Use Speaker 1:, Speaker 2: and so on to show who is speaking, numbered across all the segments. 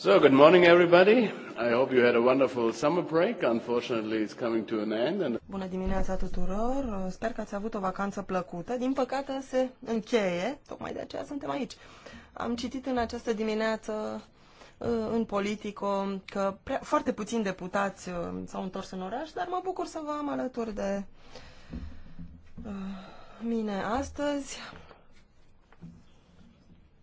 Speaker 1: So, good morning everybody. I hope you had a wonderful summer break. Unfortunately, it's coming to an end. And...
Speaker 2: Bună dimineața tuturor. Sper că ați avut o vacanță plăcută. Din păcate se încheie, tocmai de aceea suntem aici. Am citit în această dimineață uh, în Politico că prea, foarte puțini deputați uh, s-au întors în oraș, dar mă bucur să vă am alături de uh, mine astăzi.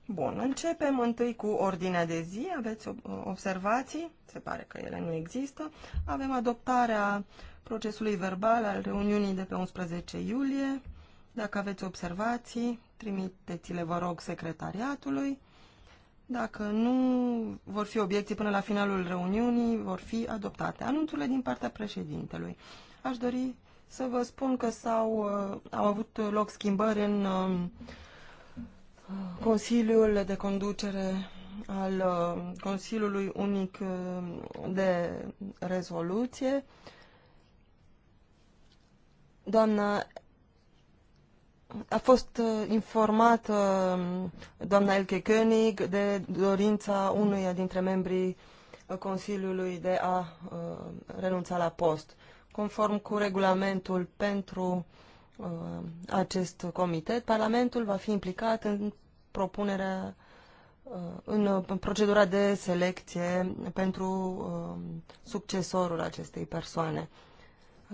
Speaker 2: Bun, începem întâi cu ordinea de zi. Aveți observații? Se pare că ele nu există. Avem adoptarea procesului verbal al reuniunii de pe 11 iulie. Dacă aveți observații, trimiteți-le, vă rog, secretariatului. Dacă nu vor fi obiecții până la finalul reuniunii, vor fi adoptate anunțurile din partea președintelui. Aș dori să vă spun că s-au, uh, au avut loc schimbări în uh, Consiliul de conducere al uh, Consiliului Unic uh, de Rezoluție. Doamna a fost uh, informată doamna Elke König de dorința unuia dintre membrii Consiliului de a renunța la post. Conform cu regulamentul pentru acest comitet, Parlamentul va fi implicat în propunerea uh, uh, în procedura de selecție pentru uh, succesorul acestei persoane.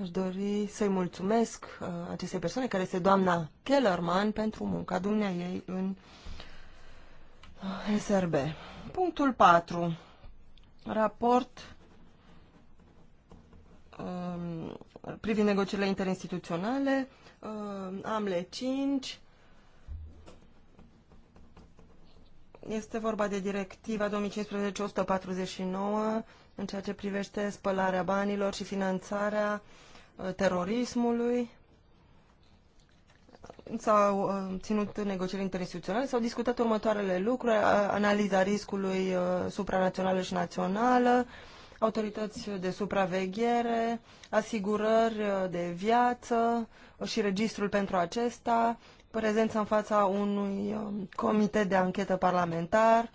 Speaker 2: Aș dori să-i mulțumesc acestei persoane, care este doamna Kellerman, pentru munca dumnea ei în SRB. Punctul 4. Raport um, privind negocierile interinstituționale, AMLE 5, Este vorba de directiva 2015-149 în ceea ce privește spălarea banilor și finanțarea uh, terorismului. S-au uh, ținut negocieri interinstituționale, s-au discutat următoarele lucruri, uh, analiza riscului supranațională și națională, autorități de supraveghere, asigurări de viață și registrul pentru acesta, prezență în fața unui um, comitet de anchetă parlamentar,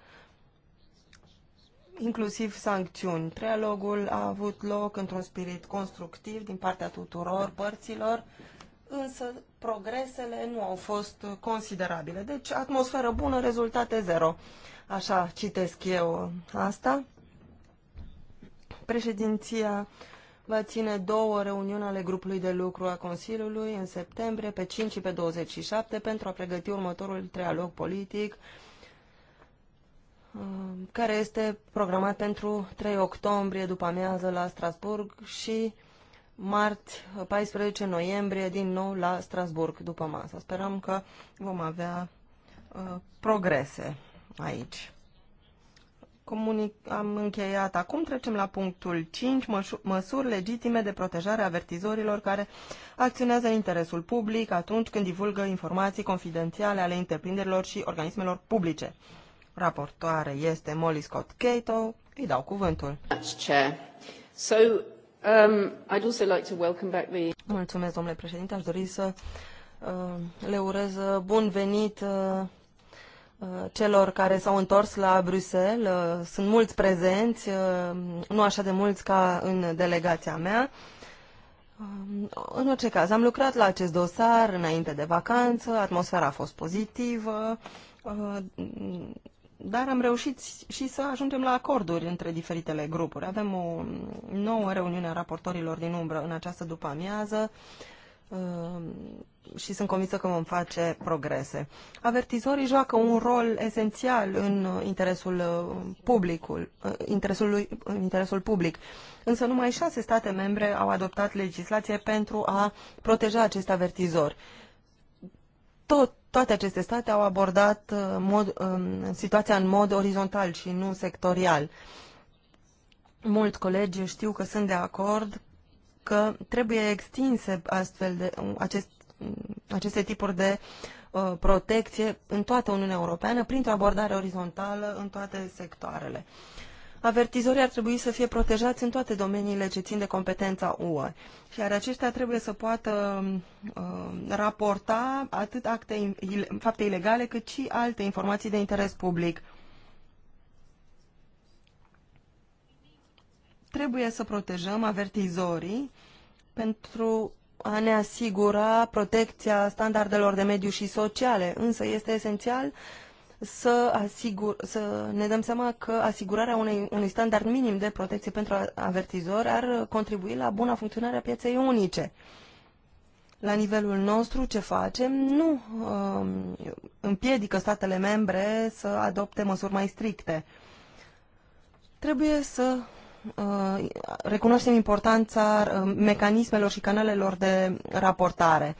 Speaker 2: inclusiv sancțiuni. Trialogul a avut loc într-un spirit constructiv din partea tuturor părților, însă progresele nu au fost considerabile. Deci, atmosferă bună, rezultate zero. Așa citesc eu asta. Președinția va ține două reuniuni ale grupului de lucru a Consiliului în septembrie, pe 5 și pe 27, pentru a pregăti următorul trialog politic, uh, care este programat pentru 3 octombrie după amiază la Strasburg și marți 14 noiembrie din nou la Strasburg după masă. Sperăm că vom avea uh, progrese aici. Comunic- am încheiat. Acum trecem la punctul 5, măsuri legitime de protejare a avertizorilor care acționează în interesul public atunci când divulgă informații confidențiale ale întreprinderilor și organismelor publice. Raportoare este Molly Scott Cato. Îi dau cuvântul. Um, Mulțumesc, domnule președinte. Aș dori să uh, le urez uh, bun venit uh, Uh, celor care s-au întors la Bruxelles. Uh, sunt mulți prezenți, uh, nu așa de mulți ca în delegația mea. În orice caz, am lucrat la acest dosar înainte de vacanță, atmosfera a fost pozitivă, dar am reușit și să ajungem la acorduri între diferitele grupuri. Avem o nouă reuniune a raportorilor din umbră în această după-amiază Ehm, și sunt convinsă că vom face progrese. Avertizorii joacă un rol esențial în uh, interesul, uh, publicul, uh, interesul, interesul public, însă numai șase state membre au adoptat legislație pentru a proteja acest avertizor. Tot, toate aceste state au abordat mod, um, situația în mod orizontal și nu sectorial. Mulți colegi știu că sunt de acord că trebuie extinse astfel de, acest, aceste tipuri de uh, protecție în toată Uniunea Europeană, printr-o abordare orizontală în toate sectoarele. Avertizorii ar trebui să fie protejați în toate domeniile ce țin de competența UE, iar aceștia trebuie să poată uh, raporta atât acte, fapte ilegale cât și alte informații de interes public Trebuie să protejăm avertizorii pentru a ne asigura protecția standardelor de mediu și sociale, însă este esențial să, asigur, să ne dăm seama că asigurarea unei, unui standard minim de protecție pentru avertizori ar contribui la buna funcționare a pieței unice. La nivelul nostru, ce facem? Nu um, împiedică statele membre să adopte măsuri mai stricte. Trebuie să Uh, recunoaștem importanța uh, mecanismelor și canalelor de raportare.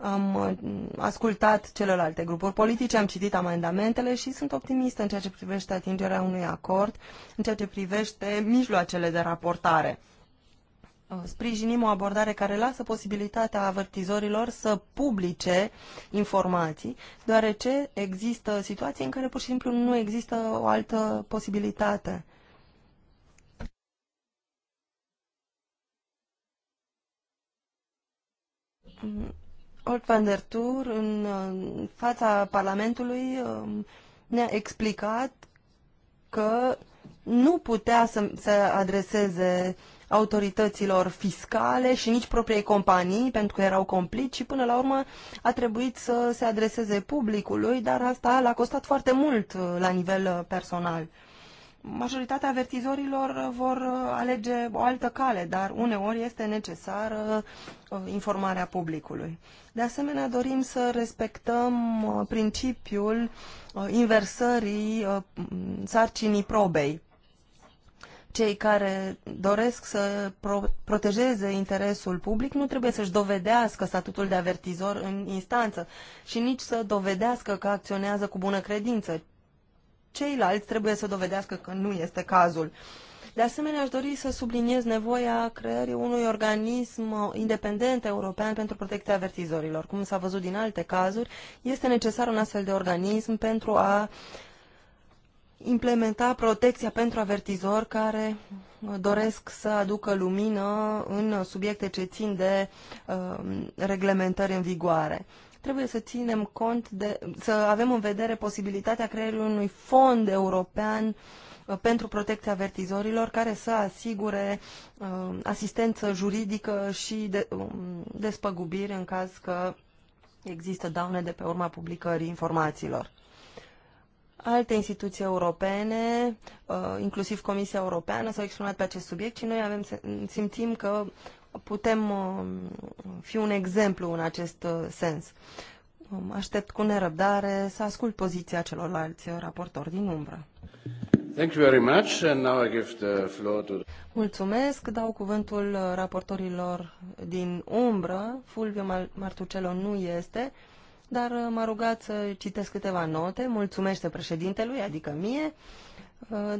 Speaker 2: Am uh, ascultat celelalte grupuri politice, am citit amendamentele și sunt optimistă în ceea ce privește atingerea unui acord, în ceea ce privește mijloacele de raportare. Sprijinim o abordare care lasă posibilitatea avertizorilor să publice informații, deoarece există situații în care pur și simplu nu există o altă posibilitate Old van der Tour în fața Parlamentului um, ne-a explicat că nu putea să se adreseze autorităților fiscale și nici propriei companii, pentru că erau complici și până la urmă a trebuit să se adreseze publicului, dar asta l-a costat foarte mult uh, la nivel uh, personal majoritatea avertizorilor vor uh, alege o altă cale, dar uneori este necesară uh, informarea publicului. De asemenea, dorim să respectăm uh, principiul inversării sarcinii probei. Cei care doresc să pro protejeze interesul public nu trebuie să-și dovedească statutul de avertizor în instanță și nici să dovedească că acționează cu bună credință, ceilalți trebuie să dovedească că nu este cazul. De asemenea, aș dori să subliniez nevoia creării unui organism independent european pentru protecția avertizorilor. Cum s-a văzut din alte cazuri, este necesar un astfel de organism pentru a implementa protecția pentru avertizori care doresc să aducă lumină în subiecte ce țin de uh, reglementări în vigoare trebuie să ținem cont de, să avem în vedere posibilitatea creării unui fond european uh, pentru protecția avertizorilor care să asigure uh, asistență juridică și de, um, despăgubiri în caz că există daune de pe urma publicării informațiilor. Alte instituții europene, uh, inclusiv Comisia Europeană, s-au exprimat pe acest subiect și noi avem, simțim că putem um, fi un exemplu în acest uh, sens. Um, aștept cu nerăbdare să ascult poziția celorlalți raportori din umbră.
Speaker 1: Thank you very much and now I give the floor to
Speaker 2: Mulțumesc, dau cuvântul uh, raportorilor din umbră. Fulvio Martucelo nu este, dar uh, m-a rugat să citesc câteva note. Mulțumește președintelui, adică mie.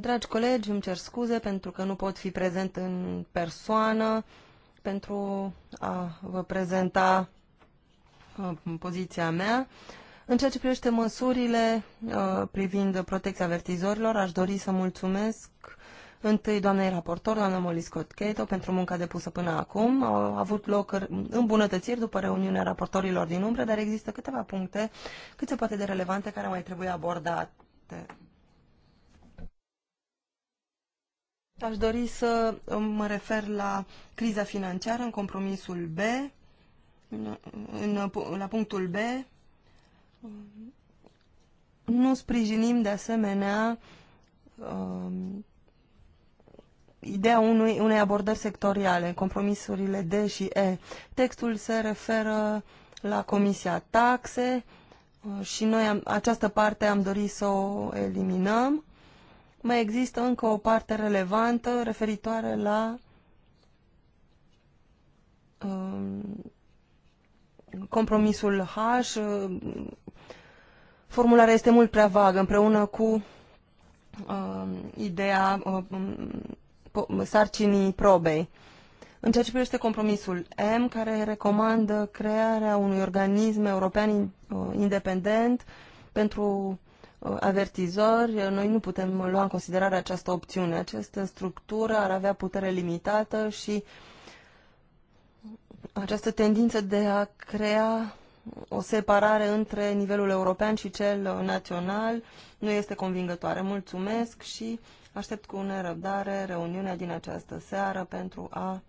Speaker 2: Dragi colegi, îmi cer scuze pentru că nu pot fi prezent în persoană pentru a vă prezenta uh, poziția mea. În ceea ce privește măsurile uh, privind protecția avertizorilor, aș dori să mulțumesc întâi doamnei raportor, doamna Molly Scott Cato, pentru munca depusă până acum. Au avut loc îmbunătățiri după reuniunea raportorilor din umbră, dar există câteva puncte cât se poate de relevante care mai trebuie abordate. Aș dori să mă refer la criza financiară în compromisul B, în, la punctul B. Nu sprijinim de asemenea um, ideea unui, unei abordări sectoriale, compromisurile D și E. Textul se referă la Comisia Taxe uh, și noi am, această parte am dorit să o eliminăm mai există încă o parte relevantă referitoare la um, compromisul H. Formularea este mult prea vagă împreună cu um, ideea um, sarcinii probei. În ceea ce privește compromisul M, care recomandă crearea unui organism european uh, independent pentru avertizori, noi nu putem lua în considerare această opțiune. Această structură ar avea putere limitată și această tendință de a crea o separare între nivelul european și cel național nu este convingătoare. Mulțumesc și aștept cu nerăbdare reuniunea din această seară pentru a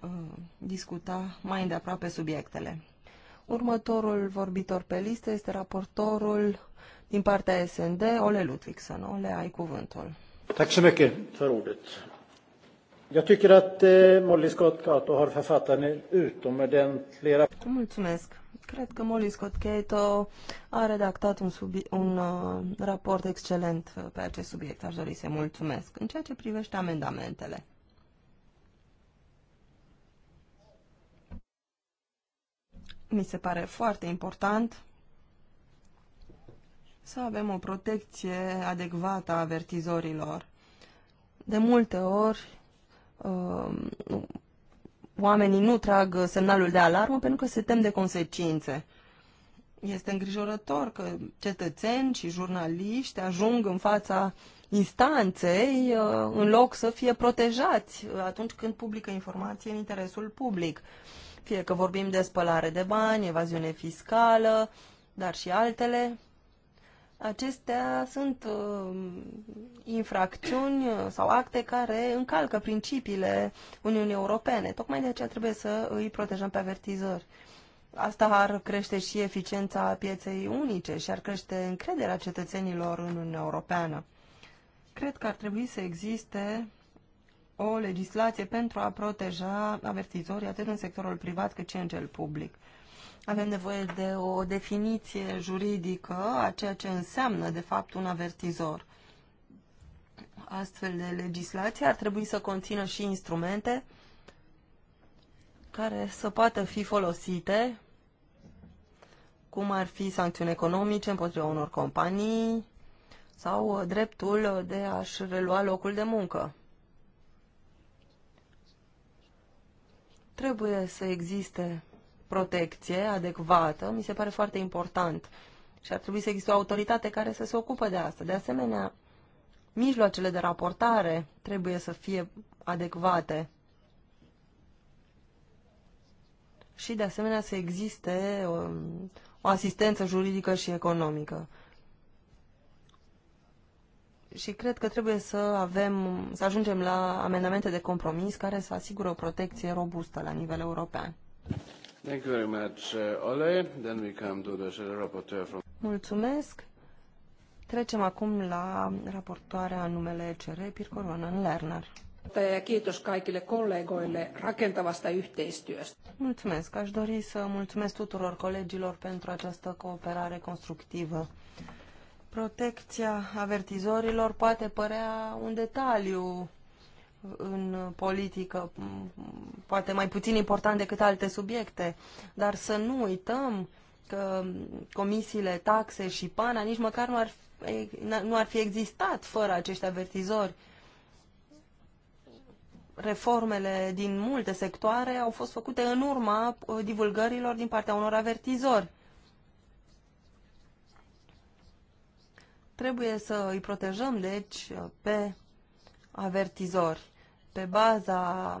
Speaker 2: uh, discuta mai îndeaproape subiectele. Următorul vorbitor pe listă este raportorul din partea SND, Ole Ludvigsen, Ole, ai cuvântul.
Speaker 3: Tack så mycket för ordet. Jag tycker att eh, Molly Scott Cato har författat en utomordentlig rapport.
Speaker 2: Mulțumesc. Cred că Molly Scott Cato a redactat un, subi- un uh, raport excelent pe acest subiect. Aș dori să mulțumesc. În ceea ce privește amendamentele. Mi se pare foarte important să avem o protecție adecvată a avertizorilor. De multe ori, um, oamenii nu trag semnalul de alarmă pentru că se tem de consecințe. Este îngrijorător că cetățeni și jurnaliști ajung în fața instanței uh, în loc să fie protejați atunci când publică informații în interesul public. Fie că vorbim de spălare de bani, evaziune fiscală, dar și altele. Acestea sunt um, uh, infracțiuni sau acte care încalcă principiile Uniunii Europene. Tocmai de aceea trebuie să îi protejăm pe avertizări. Asta ar crește și eficiența pieței unice și ar crește încrederea cetățenilor în Uniunea Europeană. Cred că ar trebui să existe o legislație pentru a proteja avertizorii atât în sectorul privat cât și în cel public. Avem nevoie de o definiție juridică a ceea ce înseamnă, de fapt, un avertizor. Astfel de legislație ar trebui să conțină și instrumente care să poată fi folosite, cum ar fi sancțiuni economice împotriva unor companii sau dreptul de a-și relua locul de muncă. Trebuie să existe protecție adecvată mi se pare foarte important și ar trebui să existe o autoritate care să se ocupe de asta. De asemenea, mijloacele de raportare trebuie să fie adecvate și, de asemenea, să existe o, um, o asistență juridică și economică. Și cred că trebuie să avem, să ajungem la amendamente de compromis care să asigură o protecție robustă la nivel european.
Speaker 1: Thank you very much, uh, Ole. Then we come to the rapporteur
Speaker 4: from...
Speaker 2: Mulțumesc. Trecem acum la raportoarea numele CR, Pircoroanan Lerner.
Speaker 4: Ja kiitos kaikille kollegoille rakentavasta
Speaker 2: yhteistyöstä. Mulțumesc. Aș dori să mulțumesc tuturor colegilor pentru această cooperare constructivă. Protecția avertizorilor poate părea un detaliu în politică, poate mai puțin important decât alte subiecte, dar să nu uităm că comisiile, taxe și PANA nici măcar nu ar, fi, nu ar fi existat fără acești avertizori. Reformele din multe sectoare au fost făcute în urma uh, divulgărilor din partea unor avertizori. Trebuie să îi protejăm, deci, uh, pe avertizori pe baza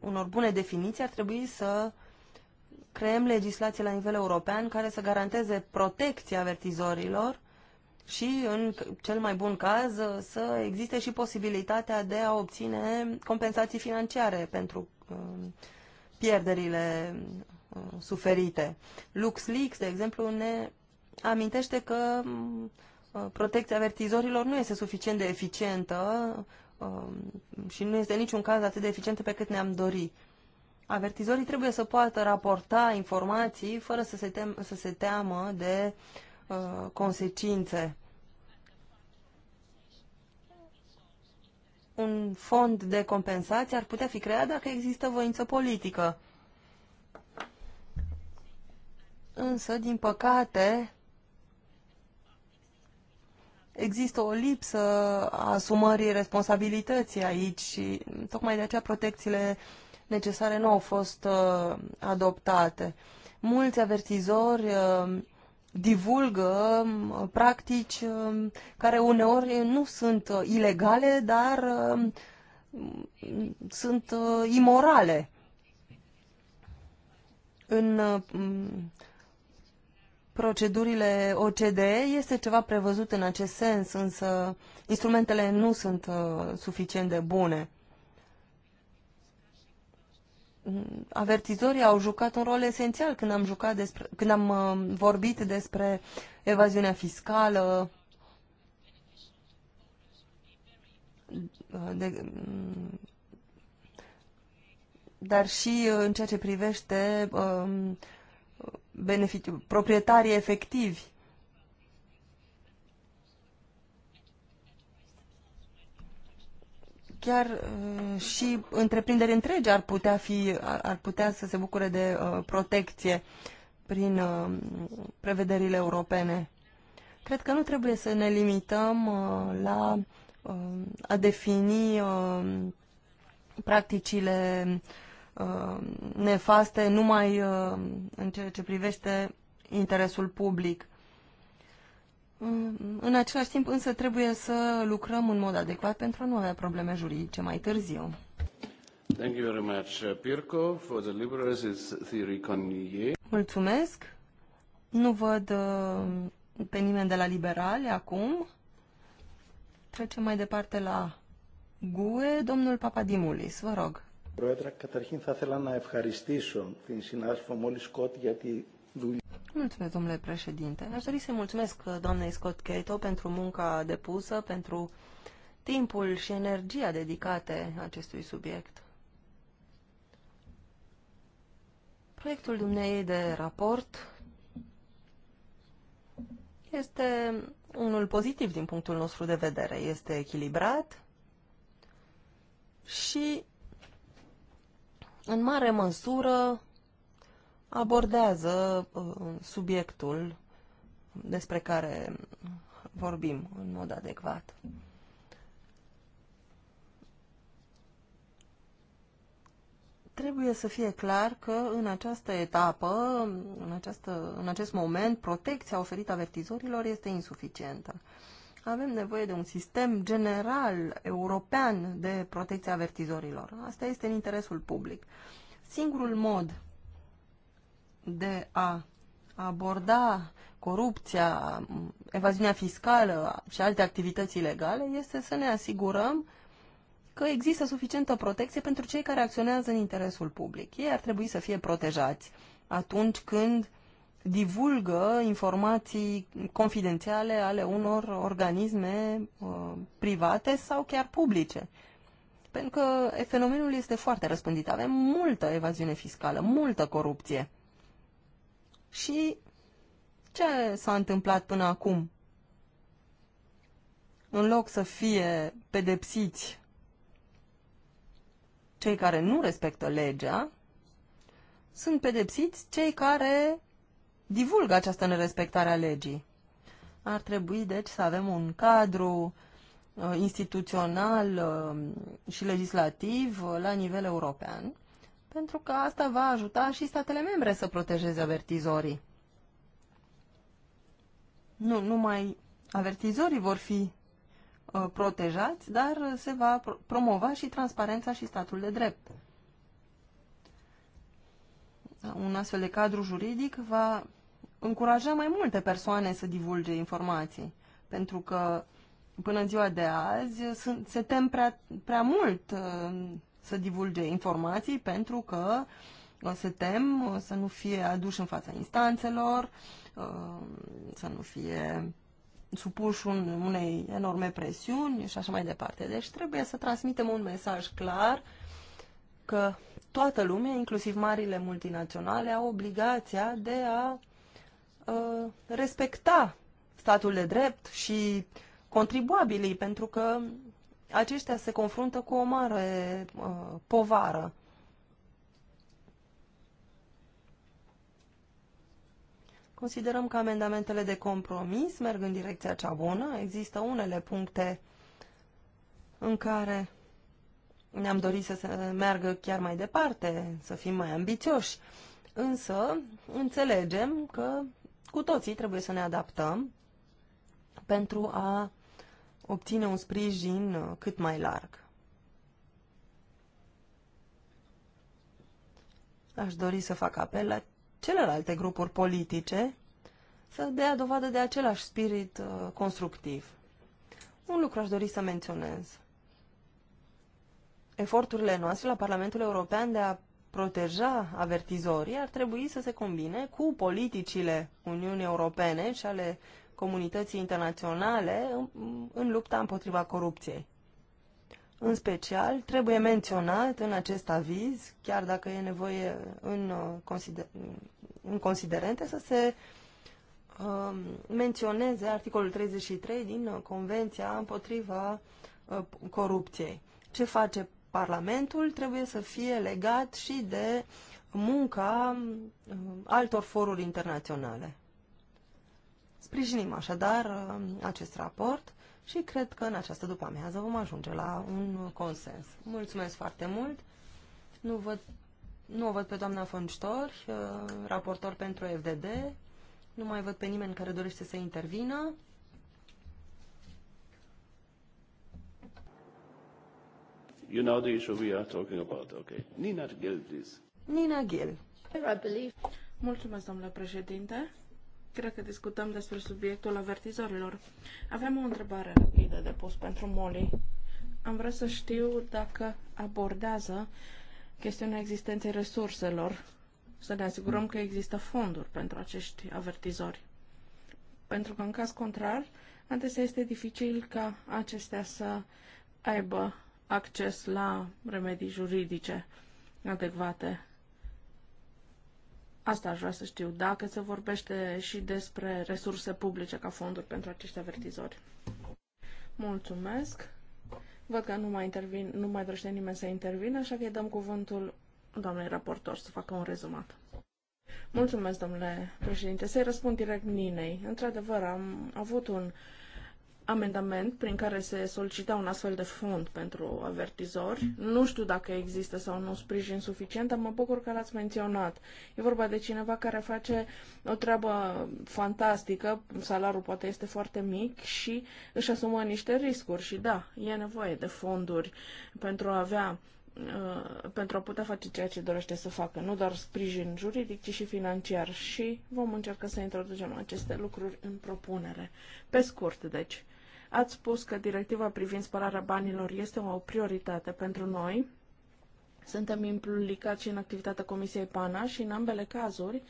Speaker 2: unor bune definiții, ar trebui să creăm legislație la nivel european care să garanteze protecția avertizorilor și, în cel mai bun caz, să existe și posibilitatea de a obține compensații financiare pentru um, pierderile uh, suferite. LuxLeaks, de exemplu, ne amintește că um, uh, protecția avertizorilor nu este suficient de eficientă Um, și nu este niciun caz atât de eficientă pe cât ne-am dori. Avertizorii trebuie să poată raporta informații fără să se, tem să se teamă de uh, consecințe. Un fond de compensație ar putea fi creat dacă există voință politică. Însă, din păcate, există o lipsă a asumării responsabilității aici și tocmai de aceea protecțiile necesare nu au fost uh, adoptate. Mulți avertizori uh, divulgă uh, practici uh, care uneori nu sunt uh, ilegale, dar uh, sunt uh, imorale. În uh, procedurile OCDE este ceva prevăzut în acest sens, însă instrumentele nu sunt uh, suficient de bune. Avertizorii au jucat un rol esențial când am, jucat despre, când am uh, vorbit despre evaziunea fiscală, uh, de, mm, dar și uh, în ceea ce privește uh, benefici- proprietarii efectivi. Chiar uh, și întreprinderi întregi ar putea, fi, ar putea să se bucure de uh, protecție prin uh, prevederile europene. Cred că nu trebuie să ne limităm uh, la uh, a defini uh, practicile uh, Uh, nefaste numai uh, în ceea ce privește interesul public. Uh, în același timp, însă, trebuie să lucrăm în mod adecvat pentru a nu avea probleme juridice mai târziu.
Speaker 1: Thank you very much, Pirco. For the liberals, it's Thierry Conier.
Speaker 2: Mulțumesc. Nu văd pe nimeni de la liberale acum. Trecem mai departe la GUE, domnul Papadimulis, vă rog.
Speaker 3: Πρόεδρα, καταρχήν θα ήθελα να
Speaker 1: ευχαριστήσω την συνάδελφο Μόλι Σκότ για τη δουλειά.
Speaker 2: Mulțumesc, domnule președinte. Aș dori să mulțumesc doamnei Scott Cato pentru munca depusă, pentru timpul și energia dedicate acestui subiect. Proiectul dumneei de raport este unul pozitiv din punctul nostru de vedere. Este echilibrat și în mare măsură abordează uh, subiectul despre care vorbim în mod adecvat. Trebuie să fie clar că în această etapă, în, această, în acest moment, protecția oferită avertizorilor este insuficientă. Uh, avem nevoie de un sistem general european de protecție avertizorilor. Asta este în interesul public. Singurul mod de a aborda corupția, evaziunea fiscală și alte activități ilegale este să ne asigurăm că există suficientă protecție pentru cei care acționează în interesul public. Ei ar trebui să fie protejați atunci când divulgă informații confidențiale ale unor organisme uh, private sau chiar publice. Pentru că fenomenul este foarte răspândit. Avem multă evaziune fiscală, multă corupție. Și ce s-a întâmplat până acum? În loc să fie pedepsiți cei care nu respectă legea, sunt pedepsiți cei care divulgă această nerespectare a legii. Ar trebui, deci, să avem un cadru uh, instituțional uh, și legislativ uh, la nivel european, pentru că asta va ajuta și statele membre să protejeze avertizorii. Nu numai avertizorii vor fi uh, protejați, dar se va promova și transparența și statul de drept. Un astfel de cadru juridic va încurajăm mai multe persoane să divulge informații. Pentru că până în ziua de azi sunt, se tem prea, prea mult uh, să divulge informații pentru că uh, se tem uh, să nu fie aduși în fața instanțelor, să nu fie supuși un, unei enorme presiuni și așa mai departe. Deci trebuie să transmitem un mesaj clar că toată lumea, inclusiv marile multinaționale, au obligația de a Uh, respecta statul de drept și contribuabilii, pentru că aceștia se confruntă cu o mare uh, povară. Considerăm că amendamentele de compromis merg în direcția cea bună. Există unele puncte în care ne-am dorit să se meargă chiar mai departe, să fim mai ambițioși. Însă, înțelegem că cu toții trebuie să ne adaptăm pentru a obține un sprijin uh, cât mai larg. Aș dori să fac apel la celelalte grupuri politice să dea dovadă de același spirit uh, constructiv. Un lucru aș dori să menționez. Eforturile noastre la Parlamentul European de a proteja avertizorii ar trebui să se combine cu politicile Uniunii Europene și ale comunității internaționale în, în lupta împotriva corupției. În special, trebuie menționat în acest aviz, chiar dacă e nevoie în, uh, consider, în considerente, să se uh, menționeze articolul 33 din uh, Convenția împotriva uh, corupției. Ce face Parlamentul trebuie să fie legat și de munca um, altor foruri internaționale. Sprijinim așadar um, acest raport și cred că în această după-amiază vom ajunge la un consens. Mulțumesc foarte mult! Nu, văd, nu o văd pe doamna Fonștor, uh, raportor pentru FDD. Nu mai văd pe nimeni care dorește să intervină.
Speaker 1: You know the issue we are talking about, okay. Nina Gill, please.
Speaker 2: Nina Gill.
Speaker 5: I believe. Mulțumesc, domnule președinte. Cred că discutăm despre subiectul avertizorilor. Avem o întrebare rapidă de pus pentru Molly. Am vrea să știu dacă abordează chestiunea existenței resurselor, să ne asigurăm că există fonduri pentru acești avertizori. Pentru că, în caz contrar, adesea este dificil ca acestea să aibă acces la remedii juridice adecvate. Asta aș vrea să știu, dacă se vorbește și despre resurse publice ca fonduri pentru acești avertizori. Mulțumesc. Văd că nu mai, intervin, nu mai dorește nimeni să intervină, așa că îi dăm cuvântul doamnei raportor să facă un rezumat. Mulțumesc, domnule președinte. Să-i răspund direct Ninei. Într-adevăr, am avut un uh, amendament prin care se solicita un astfel de fond pentru avertizori. Nu știu dacă există sau nu sprijin suficient, dar mă bucur că l-ați menționat. E vorba de cineva care face o treabă fantastică, salariul poate este foarte mic și își asumă niște riscuri și da, e nevoie de fonduri pentru a avea uh, pentru a putea face ceea ce dorește să facă, nu doar sprijin juridic, ci și financiar și vom încerca să introducem aceste lucruri în propunere. Pe scurt, deci, Ați spus că directiva privind spălarea banilor este o prioritate pentru noi. Suntem implicați și în activitatea Comisiei PANA și în ambele cazuri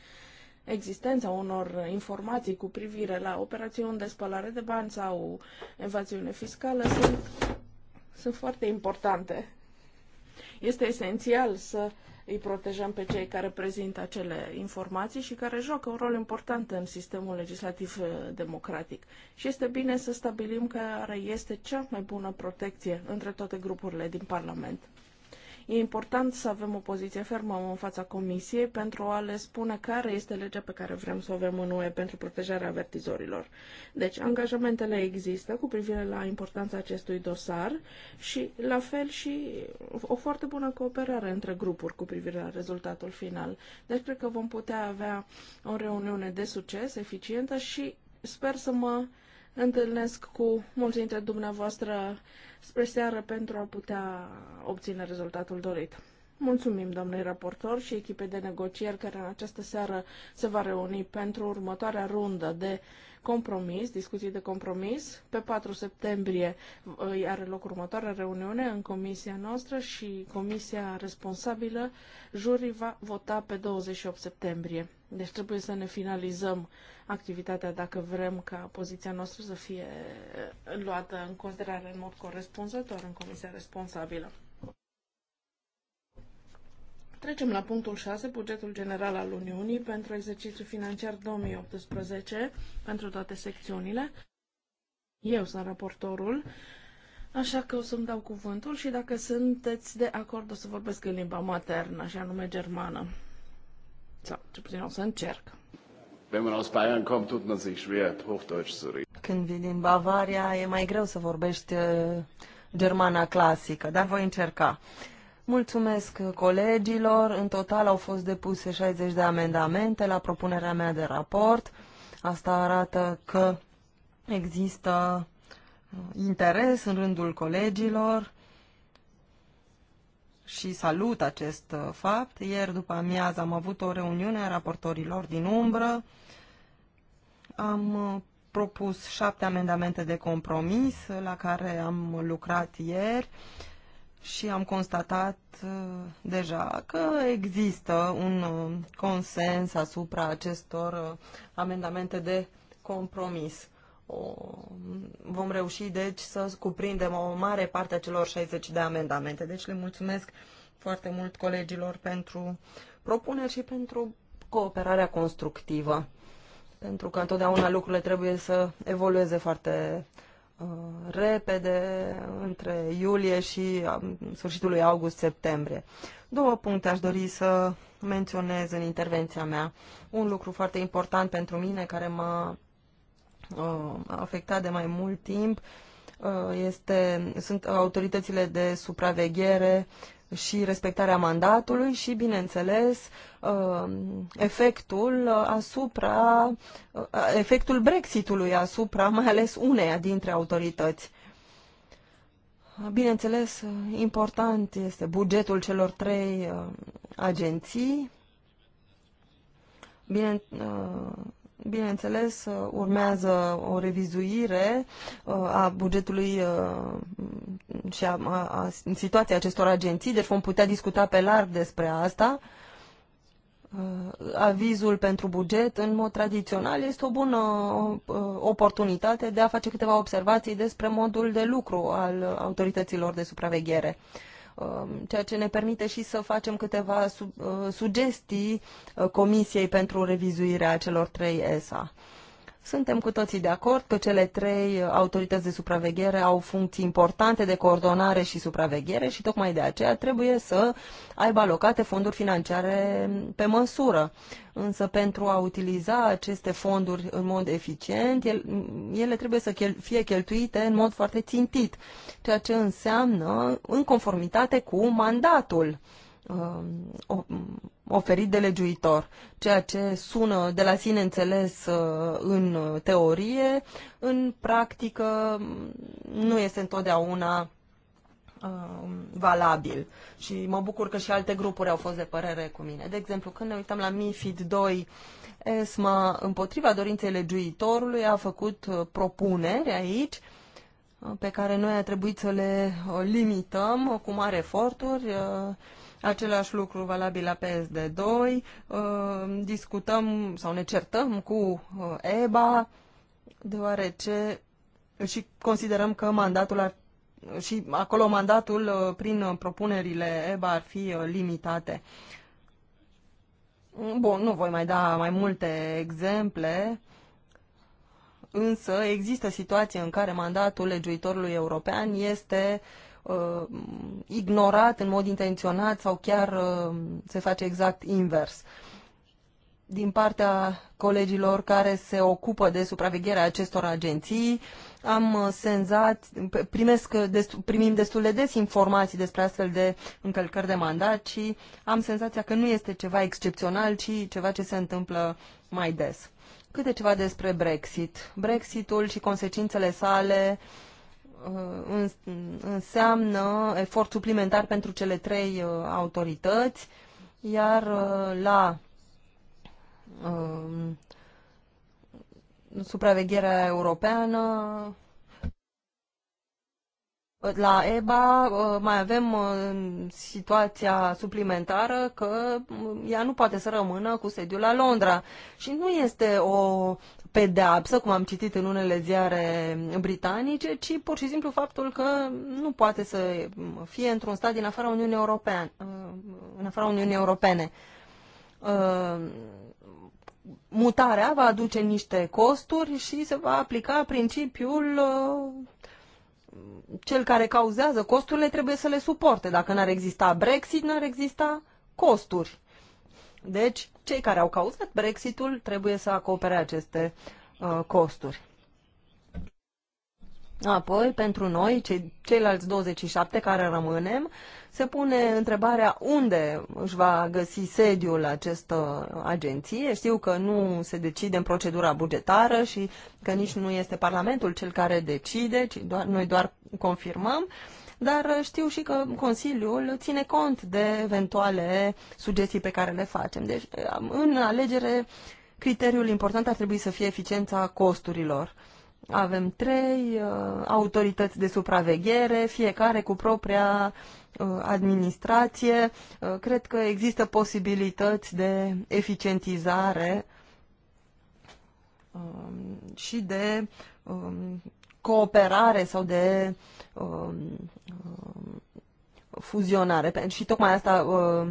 Speaker 5: existența unor informații cu privire la operațiuni de spălare de bani sau evaziune fiscală sunt, sunt foarte importante. Este esențial să uh, îi protejăm pe cei care prezintă acele informații și care joacă un rol important în sistemul legislativ uh, democratic. Și este bine să stabilim care este cea mai bună protecție între toate grupurile din Parlament. E important să avem o poziție fermă în fața Comisiei pentru a le spune care este legea pe care vrem să o avem în UE pentru protejarea avertizorilor. Deci, angajamentele există cu privire la importanța acestui dosar și, la fel, și o foarte bună cooperare între grupuri cu privire la rezultatul final. Deci, cred că vom putea avea o reuniune de succes, eficientă și sper să mă întâlnesc cu mulți dintre dumneavoastră spre seară pentru a putea obține rezultatul dorit. Mulțumim, domnului raportor și echipei de negocieri care în această seară se va reuni pentru următoarea rundă de compromis, discuții de compromis. Pe 4 septembrie uh, are loc următoarea reuniune în comisia noastră și comisia responsabilă, jurii, va vota pe 28 septembrie. Deci trebuie să ne finalizăm activitatea dacă vrem ca poziția noastră să fie luată în considerare în mod corespunzător în comisia responsabilă. Trecem la punctul 6, bugetul general al Uniunii pentru exercițiul financiar 2018, pentru toate secțiunile. Eu sunt raportorul, așa că o să-mi dau cuvântul și dacă sunteți de acord o să vorbesc în limba maternă, și anume germană.
Speaker 2: Sau, ce puțin o să încerc.
Speaker 1: Wenn man aus Bayern kommt, tut man sich schwer, Hochdeutsch zu reden.
Speaker 2: Când vii din Bavaria, e mai greu să vorbești uh, germana clasică, dar voi încerca. Mulțumesc colegilor. În total au fost depuse 60 de amendamente la propunerea mea de raport. Asta arată că există uh, interes în rândul colegilor și salut acest uh, fapt. Ieri după amiază am avut o reuniune a raportorilor din umbră. Am uh, propus șapte amendamente de compromis la care am lucrat ieri și am constatat uh, deja că există un uh, consens asupra acestor uh, amendamente de compromis. O, vom reuși, deci, să cuprindem o mare parte a celor 60 de amendamente. Deci le mulțumesc foarte mult colegilor pentru propuneri și pentru cooperarea constructivă. Pentru că întotdeauna lucrurile trebuie să evolueze foarte Uh, repede între iulie și um, sfârșitul lui august-septembrie. Două puncte aș dori să menționez în intervenția mea. Un lucru foarte important pentru mine care m-a uh, afectat de mai mult timp uh, este, sunt autoritățile de supraveghere și respectarea mandatului și, bineînțeles, uh, efectul asupra, uh, efectul Brexitului asupra mai ales uneia dintre autorități. Bineînțeles, important este bugetul celor trei uh, agenții. Bine, Bineînțeles, urmează o revizuire uh, a bugetului uh, și a, a, a situației acestor agenții, deci vom putea discuta pe larg despre asta. Uh, avizul pentru buget, în mod tradițional, este o bună oportunitate de a face câteva observații despre modul de lucru al autorităților de supraveghere. Um, ceea ce ne permite și să facem câteva uh, sugestii uh, Comisiei pentru revizuirea celor trei ESA. Suntem cu toții de acord că cele trei autorități de supraveghere au funcții importante de coordonare și supraveghere și tocmai de aceea trebuie să aibă alocate fonduri financiare pe măsură. Însă pentru a utiliza aceste fonduri în mod eficient, ele trebuie să fie cheltuite în mod foarte țintit, ceea ce înseamnă în conformitate cu mandatul Um, oferit de legiuitor, ceea ce sună de la sine înțeles uh, în teorie, în practică um, nu este întotdeauna um, valabil. Și mă bucur că și alte grupuri au fost de părere cu mine. De exemplu, când ne uităm la MIFID 2, ESMA, împotriva dorinței legiuitorului, a făcut uh, propuneri aici uh, pe care noi a trebuit să le limităm cu mari eforturi Același lucru valabil la PSD2. Uh, discutăm sau ne certăm cu uh, EBA, deoarece și considerăm că mandatul ar și acolo mandatul uh, prin propunerile EBA ar fi limitate. Bun, nu voi mai da mai multe exemple, însă există situații în care mandatul legiuitorului european este uh, uh, ignorat în mod intenționat sau chiar uh, se face exact invers. Din partea colegilor care se ocupă de supravegherea acestor agenții, am uh, senzat, primesc, uh, primim destul de des informații despre astfel de încălcări de mandat și am senzația că nu este ceva excepțional, ci ceva ce se întâmplă mai des câte ceva despre Brexit. Brexitul și consecințele sale Uh, înseamnă efort suplimentar pentru cele trei uh, autorități, iar uh, la supravegherea europeană la EBA uh, mai avem uh, situația suplimentară că uh, ea nu poate să rămână cu sediul la Londra și nu este o pedeapsă, cum am citit în unele ziare britanice, ci pur și simplu faptul că nu poate să fie într-un stat din afara Uniunii Europene. În afara Uniunii Europene. Mutarea va aduce niște costuri și se va aplica principiul cel care cauzează costurile trebuie să le suporte. Dacă n-ar exista Brexit, n-ar exista costuri. Deci, cei care au cauzat Brexitul trebuie să acopere aceste uh, costuri. Apoi, pentru noi, cei, ceilalți 27 care rămânem, se pune întrebarea unde își va găsi sediul acestă agenție. Știu că nu se decide în procedura bugetară și că nici nu este Parlamentul cel care decide, ci doar, noi doar confirmăm dar știu și că Consiliul ține cont de eventuale sugestii pe care le facem. Deci, în alegere, criteriul important ar trebui să fie eficiența costurilor. Avem trei uh, autorități de supraveghere, fiecare cu propria uh, administrație. Uh, cred că există posibilități de eficientizare um, și de um, cooperare sau de um, fuzionare. Și tocmai asta uh,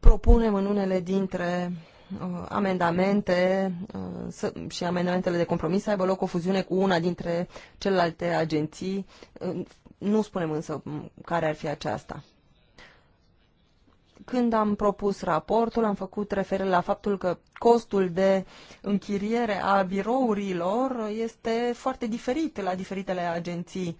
Speaker 2: propunem în unele dintre Uh, amendamente uh, și amendamentele de compromis să aibă loc o fuziune cu una dintre celelalte agenții. Uh, nu spunem însă care ar fi aceasta. Când am propus raportul, am făcut referire la faptul că costul de închiriere a birourilor este foarte diferit la diferitele agenții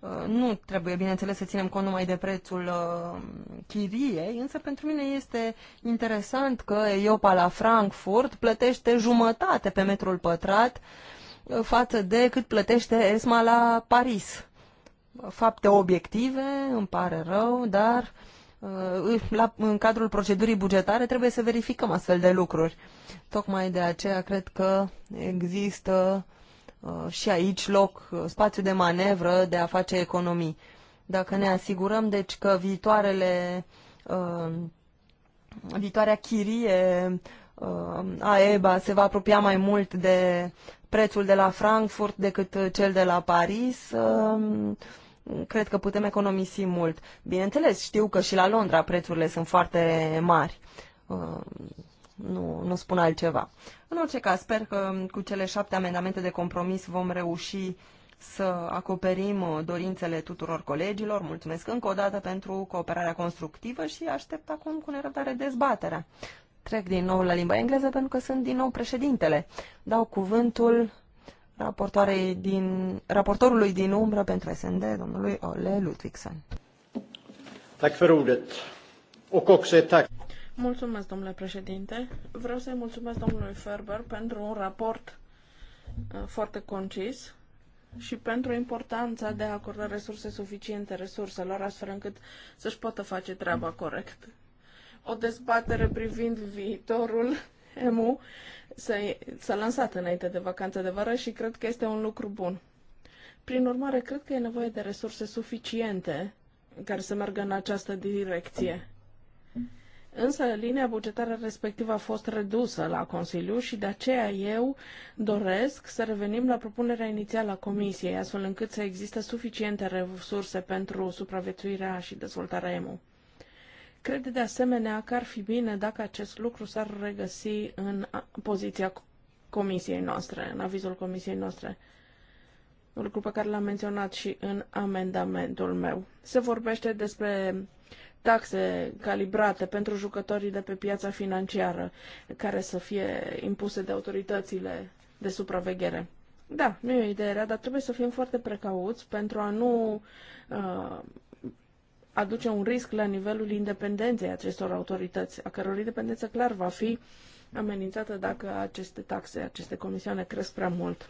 Speaker 2: Uh, nu trebuie, bineînțeles, să ținem cont numai de prețul uh, chiriei, însă pentru mine este interesant că Europa la Frankfurt plătește jumătate pe metrul pătrat uh, față de cât plătește ESMA la Paris. Fapte obiective, îmi pare rău, dar la, în cadrul procedurii bugetare trebuie să verificăm astfel de lucruri. Tocmai de aceea cred că există Uh, și aici loc, uh, spațiu de manevră de a face economii. Dacă ne asigurăm, deci, că viitoarele, uh, viitoarea chirie a EBA se va apropia mai mult de prețul de la Frankfurt decât cel de la Paris, cred că putem economisi mult. Bineînțeles, știu că și la Londra prețurile sunt foarte mari nu, nu spun altceva. În orice caz, sper că cu cele șapte amendamente de compromis vom reuși să acoperim uh, dorințele tuturor colegilor. Mulțumesc încă o dată pentru cooperarea constructivă și aștept acum cu nerăbdare dezbaterea. Trec din nou la limba engleză pentru că sunt din nou președintele. Dau cuvântul din, raportorului din umbră pentru SND, domnului Ole Ludvigsen.
Speaker 3: Tack för ordet. Och också ett tack.
Speaker 2: Mulțumesc,
Speaker 5: domnule președinte. Vreau să-i mulțumesc domnului Ferber pentru un raport uh, foarte concis și pentru importanța de a acorda resurse suficiente resurselor, astfel încât să-și poată face treaba corect. O dezbatere privind viitorul EMU s-a lansat înainte de vacanță de vară și cred că este un lucru bun. Prin urmare, cred că e nevoie de resurse suficiente care să meargă în această direcție. Însă linia bugetară respectivă a fost redusă la Consiliu și de aceea eu doresc să revenim la propunerea inițială a Comisiei, astfel încât să existe suficiente resurse pentru supraviețuirea și dezvoltarea EMU. cred de asemenea că ar fi bine dacă acest lucru s-ar regăsi în poziția comisiei noastre, în avizul comisiei noastre, lucru pe care l-am menționat și în amendamentul meu. Se vorbește despre taxe calibrate pentru jucătorii de pe piața financiară care să fie impuse de autoritățile de supraveghere. Da, nu e o idee rea, dar trebuie să fim foarte precauți pentru a nu uh, aduce un risc la nivelul independenței acestor autorități, a căror independență clar va fi amenințată dacă aceste taxe, aceste comisioane cresc prea mult.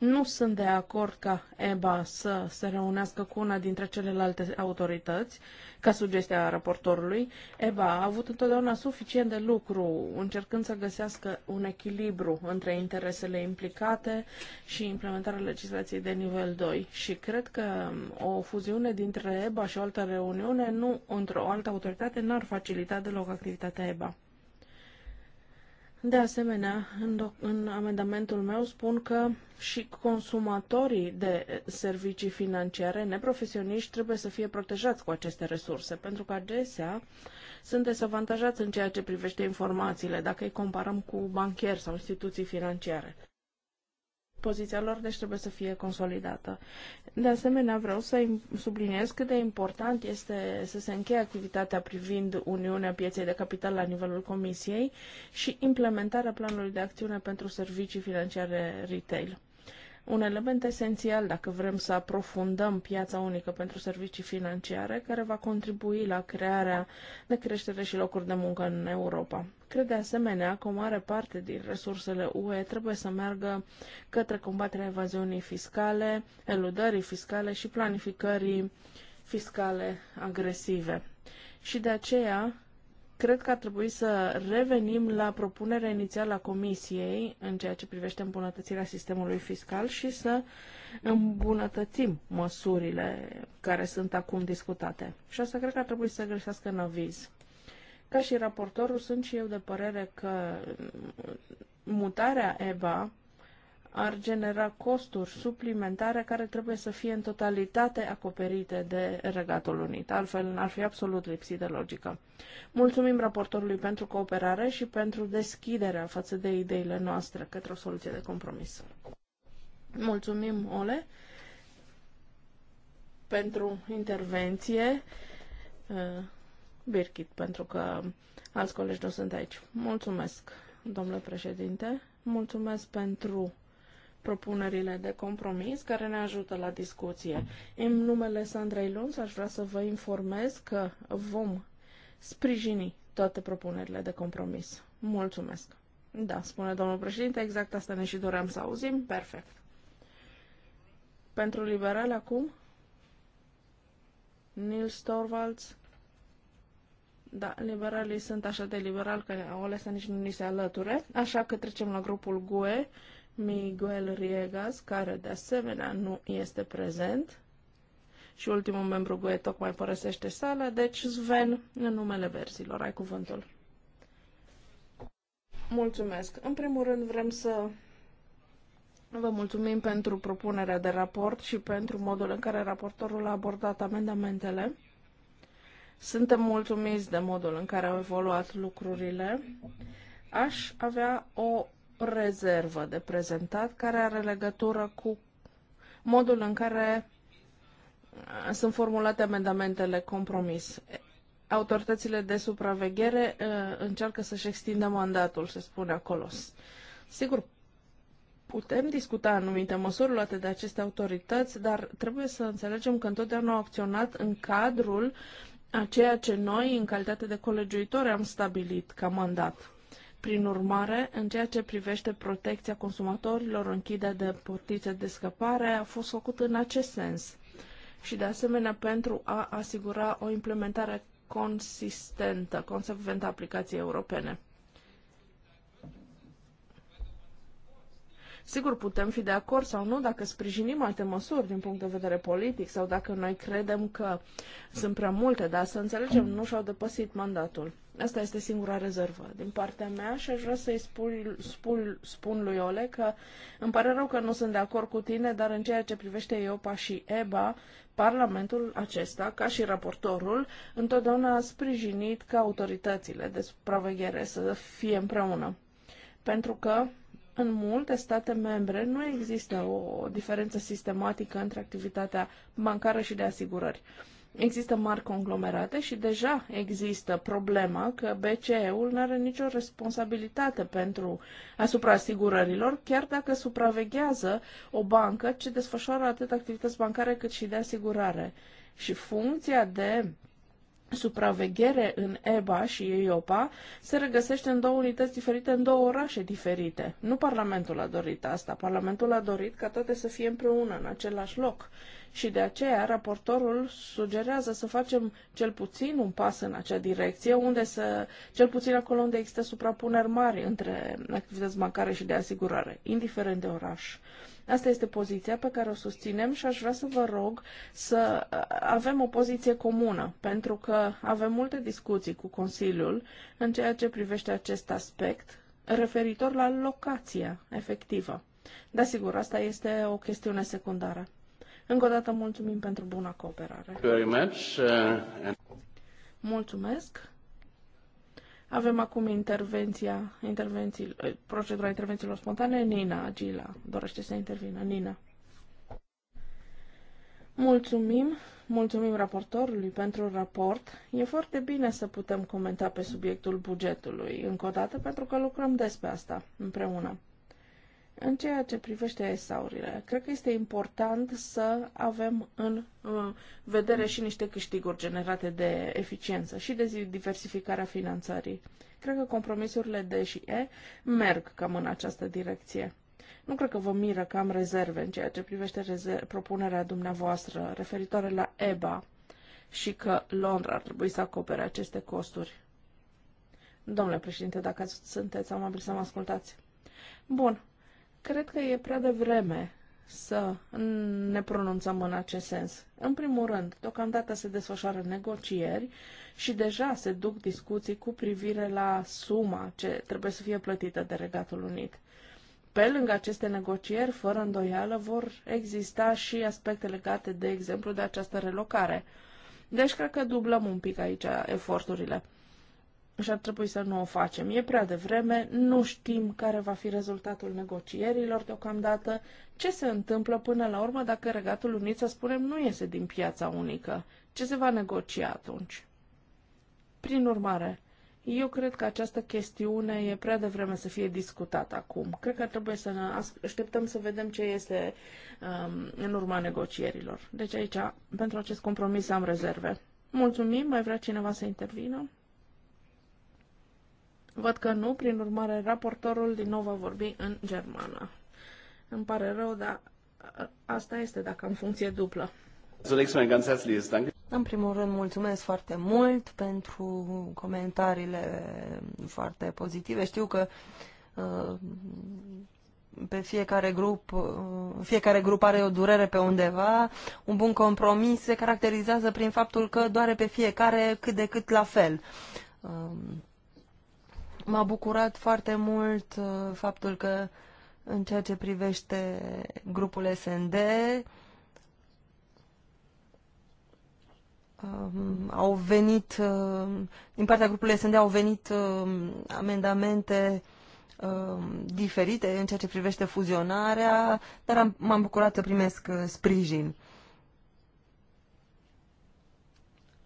Speaker 5: Nu sunt de acord ca EBA să se reunească cu una dintre celelalte autorități, ca sugestia raportorului. EBA a avut întotdeauna suficient de lucru încercând să găsească un echilibru între interesele implicate și implementarea legislației de nivel 2 și cred că o fuziune dintre EBA și o altă reuniune, nu într-o altă autoritate, n-ar facilita deloc activitatea EBA. De asemenea, în, în amendamentul meu spun că și consumatorii de servicii financiare neprofesioniști trebuie să fie protejați cu aceste resurse, pentru că adesea sunt desavantajați în ceea ce privește informațiile, dacă îi comparăm cu banchieri sau instituții financiare poziția lor, deci trebuie să fie consolidată. De asemenea, vreau să subliniez cât de important este să se încheie activitatea privind Uniunea Pieței de Capital la nivelul Comisiei și implementarea planului de acțiune pentru servicii financiare retail un element esențial dacă vrem să aprofundăm piața unică pentru servicii financiare, care va contribui la crearea de creștere și locuri de muncă în Europa. Cred de asemenea că o mare parte din resursele UE trebuie să meargă către combaterea evaziunii fiscale, eludării fiscale și planificării fiscale agresive. Și de aceea Cred că ar trebui să revenim la propunerea inițială a Comisiei în ceea ce privește îmbunătățirea sistemului fiscal și să îmbunătățim măsurile care sunt acum discutate. Și asta cred că ar trebui să greșească în aviz. Ca și raportorul, sunt și eu de părere că mutarea EBA ar genera costuri suplimentare care trebuie să fie în totalitate acoperite de Regatul Unit. Altfel, n ar fi absolut lipsit de logică. Mulțumim raportorului pentru cooperare și pentru deschiderea față de ideile noastre către o soluție de compromis. Mulțumim, Ole, pentru intervenție. Uh, Birgit, pentru că alți colegi nu sunt aici. Mulțumesc, domnule președinte. Mulțumesc pentru propunerile de compromis care ne ajută la discuție. În numele Sandrei Lunț aș vrea să vă informez că vom sprijini toate propunerile de compromis. Mulțumesc! Da, spune domnul președinte, exact asta ne și doream să auzim. Perfect. Pentru liberal acum? Nils Torvalds? Da, liberalii sunt așa de liberal că au ales să nici nu ni se alăture, așa că trecem la grupul GUE. Miguel Riegas, care de asemenea nu este prezent. Și ultimul membru GUE tocmai părăsește sala, deci Sven, în numele verzilor, ai cuvântul. Mulțumesc. În primul rând vrem să vă mulțumim pentru propunerea de raport și pentru modul în care raportorul a abordat amendamentele. Suntem mulțumiți de modul în care au evoluat lucrurile. Aș avea o rezervă de prezentat care are legătură cu modul în care uh, sunt formulate amendamentele compromis. Autoritățile de supraveghere uh, încearcă să-și extindă mandatul, se spune acolo. Sigur, putem discuta anumite măsuri luate de aceste autorități, dar trebuie să înțelegem că întotdeauna au acționat în cadrul a ceea ce noi, în calitate de colegiuitori, am stabilit ca mandat. Prin urmare, în ceea ce privește protecția consumatorilor, închiderea de portițe de scăpare a fost făcut în acest sens și, de asemenea, pentru a asigura o implementare consistentă, consecventă a aplicației europene. Sigur, putem fi de acord sau nu dacă sprijinim alte măsuri din punct de vedere politic sau dacă noi credem că sunt prea multe, dar să înțelegem, nu și-au depăsit mandatul. Asta este singura rezervă din partea mea și aș vrea să-i spun, spun, spun lui Ole că îmi pare rău că nu sunt de acord cu tine, dar în ceea ce privește EOPA și EBA, Parlamentul acesta, ca și raportorul, întotdeauna a sprijinit ca autoritățile de supraveghere să fie împreună. Pentru că în multe state membre nu există o diferență sistematică între activitatea bancară și de asigurări. Există mari conglomerate și deja există problema că BCE-ul nu are nicio responsabilitate pentru asupra asigurărilor, chiar dacă supraveghează o bancă ce desfășoară atât activități bancare cât și de asigurare. Și funcția de supraveghere în EBA și EIOPA se regăsește în două unități diferite, în două orașe diferite. Nu Parlamentul a dorit asta. Parlamentul a dorit ca toate să fie împreună, în același loc și de aceea raportorul sugerează să facem cel puțin un pas în acea direcție, unde să, cel puțin acolo unde există suprapuneri mari între activități bancare și de asigurare, indiferent de oraș. Asta este poziția pe care o susținem și aș vrea să vă rog să uh, avem o poziție comună, pentru că avem multe discuții cu Consiliul în ceea ce privește acest aspect referitor la locația efectivă. Da, sigur, asta este o chestiune secundară. Încă o dată mulțumim pentru buna cooperare. Very
Speaker 1: much, uh,
Speaker 5: Mulțumesc. Avem acum intervenția, intervenții, eh, procedura intervențiilor spontane. Nina Agila dorește să intervină. Nina. Mulțumim, mulțumim raportorului pentru raport. E foarte bine să putem comenta pe subiectul bugetului, încă o dată, pentru că lucrăm despre asta împreună. În ceea ce privește ESAURile, cred că este important să avem în vedere și niște câștiguri generate de eficiență și de diversificarea finanțării. Cred că compromisurile D și E merg cam în această direcție. Nu cred că vă miră că am rezerve în ceea ce privește propunerea dumneavoastră referitoare la EBA și că Londra ar trebui să acopere aceste costuri. Domnule președinte, dacă sunteți amabil să mă ascultați. Bun, Cred că e prea devreme să ne pronunțăm în acest sens. În primul rând, deocamdată se desfășoară negocieri și deja se duc discuții cu privire la suma ce trebuie să fie plătită de Regatul Unit. Pe lângă aceste negocieri, fără îndoială, vor exista și aspecte legate, de exemplu, de această relocare. Deci, cred că dublăm un pic aici eforturile și ar trebui să nu o facem. E prea devreme, nu știm care va fi rezultatul negocierilor deocamdată, ce se întâmplă până la urmă dacă Regatul Unit, să spunem, nu iese din piața unică. Ce se va negocia atunci? Prin urmare, eu cred că această chestiune e prea devreme să fie discutată acum. Cred că trebuie să ne așteptăm să vedem ce este um, în urma negocierilor. Deci aici, pentru acest compromis, am rezerve. Mulțumim. Mai vrea cineva să intervină? Văd că nu, prin urmare raportorul din nou va vorbi în germană.
Speaker 2: Îmi pare rău, dar asta este dacă am funcție dublă. În primul rând, mulțumesc foarte mult pentru comentariile foarte pozitive. Știu că uh, pe fiecare grup, uh, fiecare grup are o durere pe undeva. Un bun compromis se caracterizează prin faptul că doare pe fiecare cât de cât la fel. Um, M-a bucurat foarte mult uh, faptul că în ceea ce privește grupul SND um, au venit uh, din partea grupului SND au venit um, amendamente um, diferite în ceea ce privește fuzionarea, dar m-am bucurat să primesc uh, sprijin.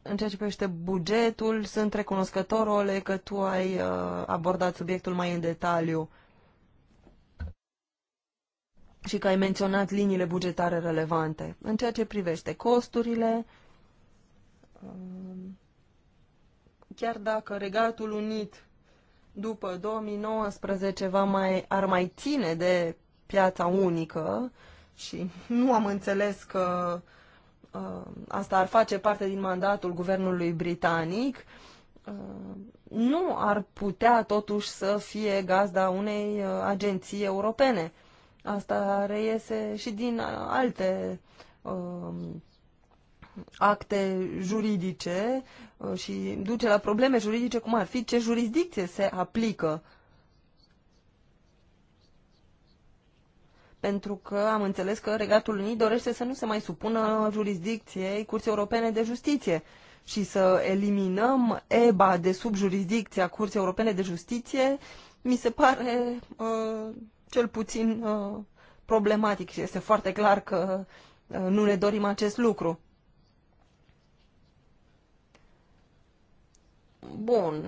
Speaker 2: În ceea ce privește bugetul, sunt recunoscător, Ole, că tu ai uh, abordat subiectul mai în detaliu și că ai menționat liniile bugetare relevante. În ceea ce privește costurile, um, chiar dacă Regatul Unit după 2019 va mai, ar mai ține de piața unică și nu am înțeles că uh, Uh, asta ar face parte din mandatul guvernului britanic, uh, nu ar putea totuși să fie gazda unei uh, agenții europene. Asta reiese și din alte um, acte juridice și duce la probleme juridice, cum ar fi ce jurisdicție se aplică pentru că am înțeles că Regatul Unit dorește să nu se mai supună jurisdicției Curții Europene de Justiție și să eliminăm EBA de sub jurisdicția Curții Europene de Justiție, mi se pare uh, cel puțin uh, problematic și este foarte clar că uh, nu ne dorim acest lucru. Bun,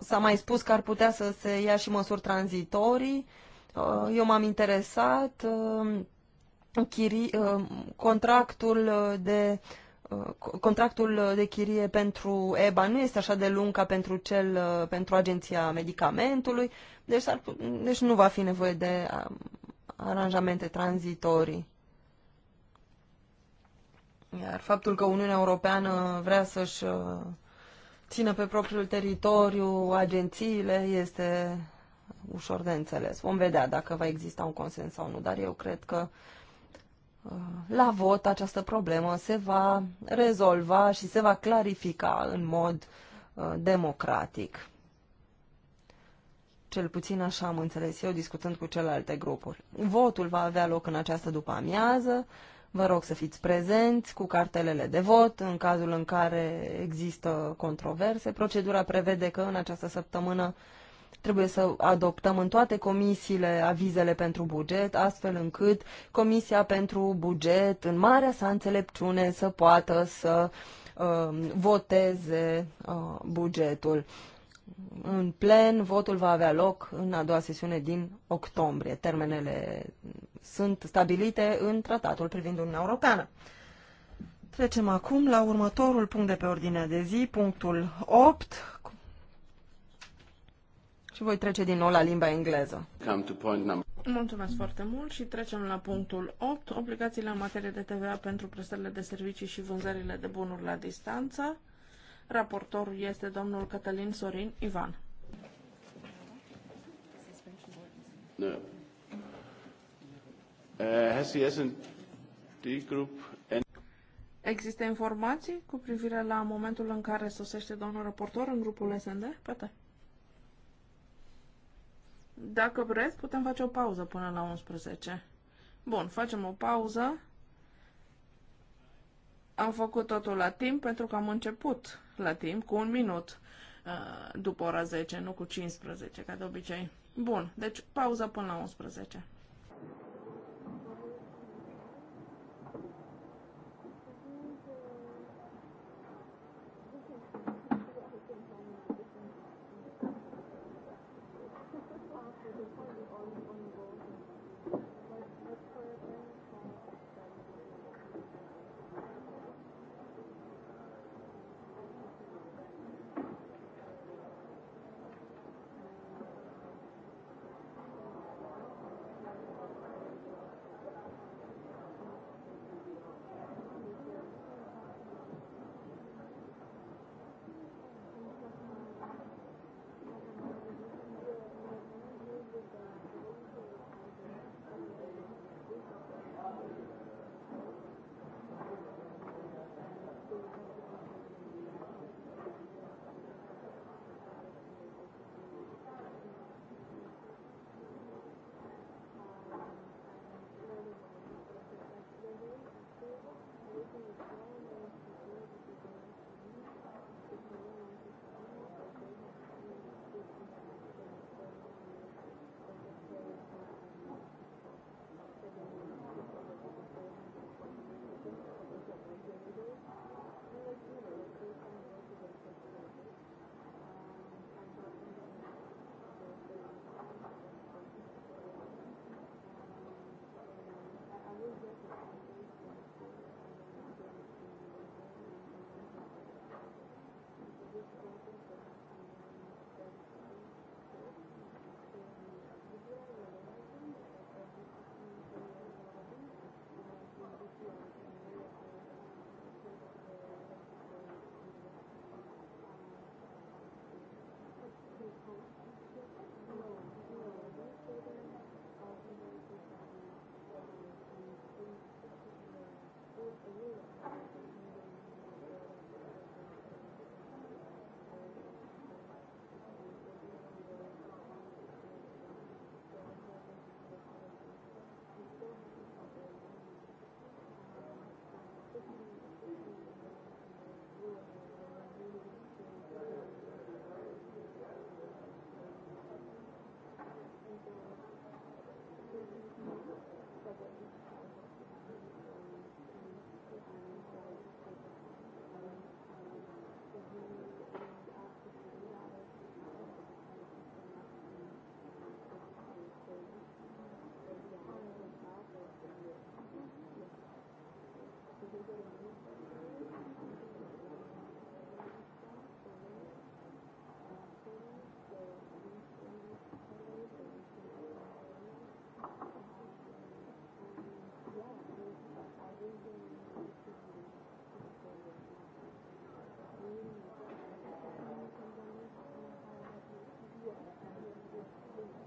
Speaker 2: s-a mai spus că ar putea să se ia și măsuri tranzitorii, uh, Uh, eu m-am interesat uh, uh, contractul de contractul de chirie pentru EBA nu este așa de lung ca pentru cel pentru agenția medicamentului, deci, ar, deci nu va fi nevoie de um, aranjamente tranzitorii. Iar faptul că Uniunea Europeană vrea să-și țină pe propriul teritoriu agențiile este ușor de înțeles. Vom vedea dacă va exista un consens sau nu, dar eu cred că uh, la vot această problemă se va rezolva și se va clarifica în mod uh, democratic. Cel puțin așa am înțeles eu discutând cu celelalte grupuri. Votul va avea loc în această după amiază. Vă rog să fiți prezenți cu cartelele de vot în cazul în care există controverse. Procedura prevede că în această săptămână Trebuie să adoptăm în toate comisiile avizele pentru buget, astfel încât Comisia pentru Buget, în marea sa înțelepciune, să poată să uh, voteze uh, bugetul. În plen, votul va avea loc în a doua sesiune din octombrie. Termenele sunt stabilite în tratatul privind Uniunea Europeană. Trecem acum la următorul punct de pe ordinea de zi, punctul 8, și voi trece din nou la limba engleză. Mulțumesc
Speaker 5: foarte mult și trecem la punctul 8, obligațiile în materie de TVA pentru prestările de servicii și vânzările de bunuri la distanță. Raportorul este domnul Cătălin Sorin Ivan.
Speaker 1: No. Uh, has Group
Speaker 5: Există informații cu privire la momentul în care sosește domnul raportor în grupul SND? Poate. Dacă vreți, putem face o pauză până la 11. Bun, facem o pauză. Am făcut totul la timp pentru că am început la timp cu un minut uh, după ora 10, nu cu 15, ca de obicei. Bun, deci pauză până la 11.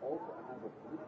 Speaker 6: Also, I have a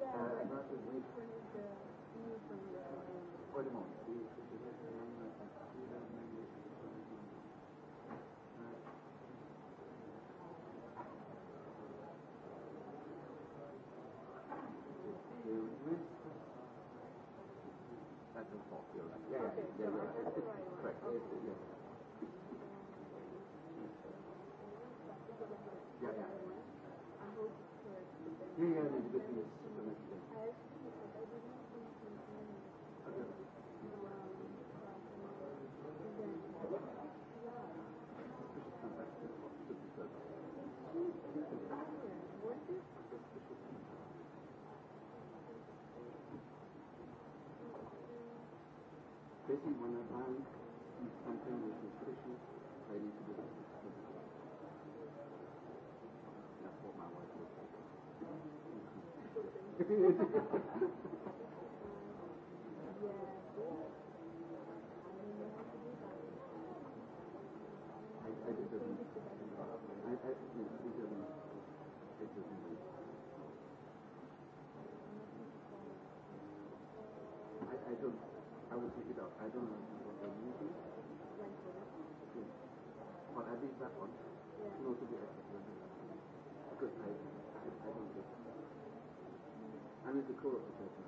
Speaker 6: Yeah, uh, like, when from the... I don't know if it was a meeting. that one. Yeah. No, to be accepted. Because I, I, I don't get it. I need to call up the person.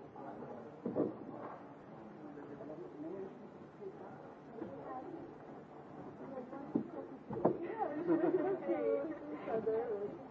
Speaker 6: de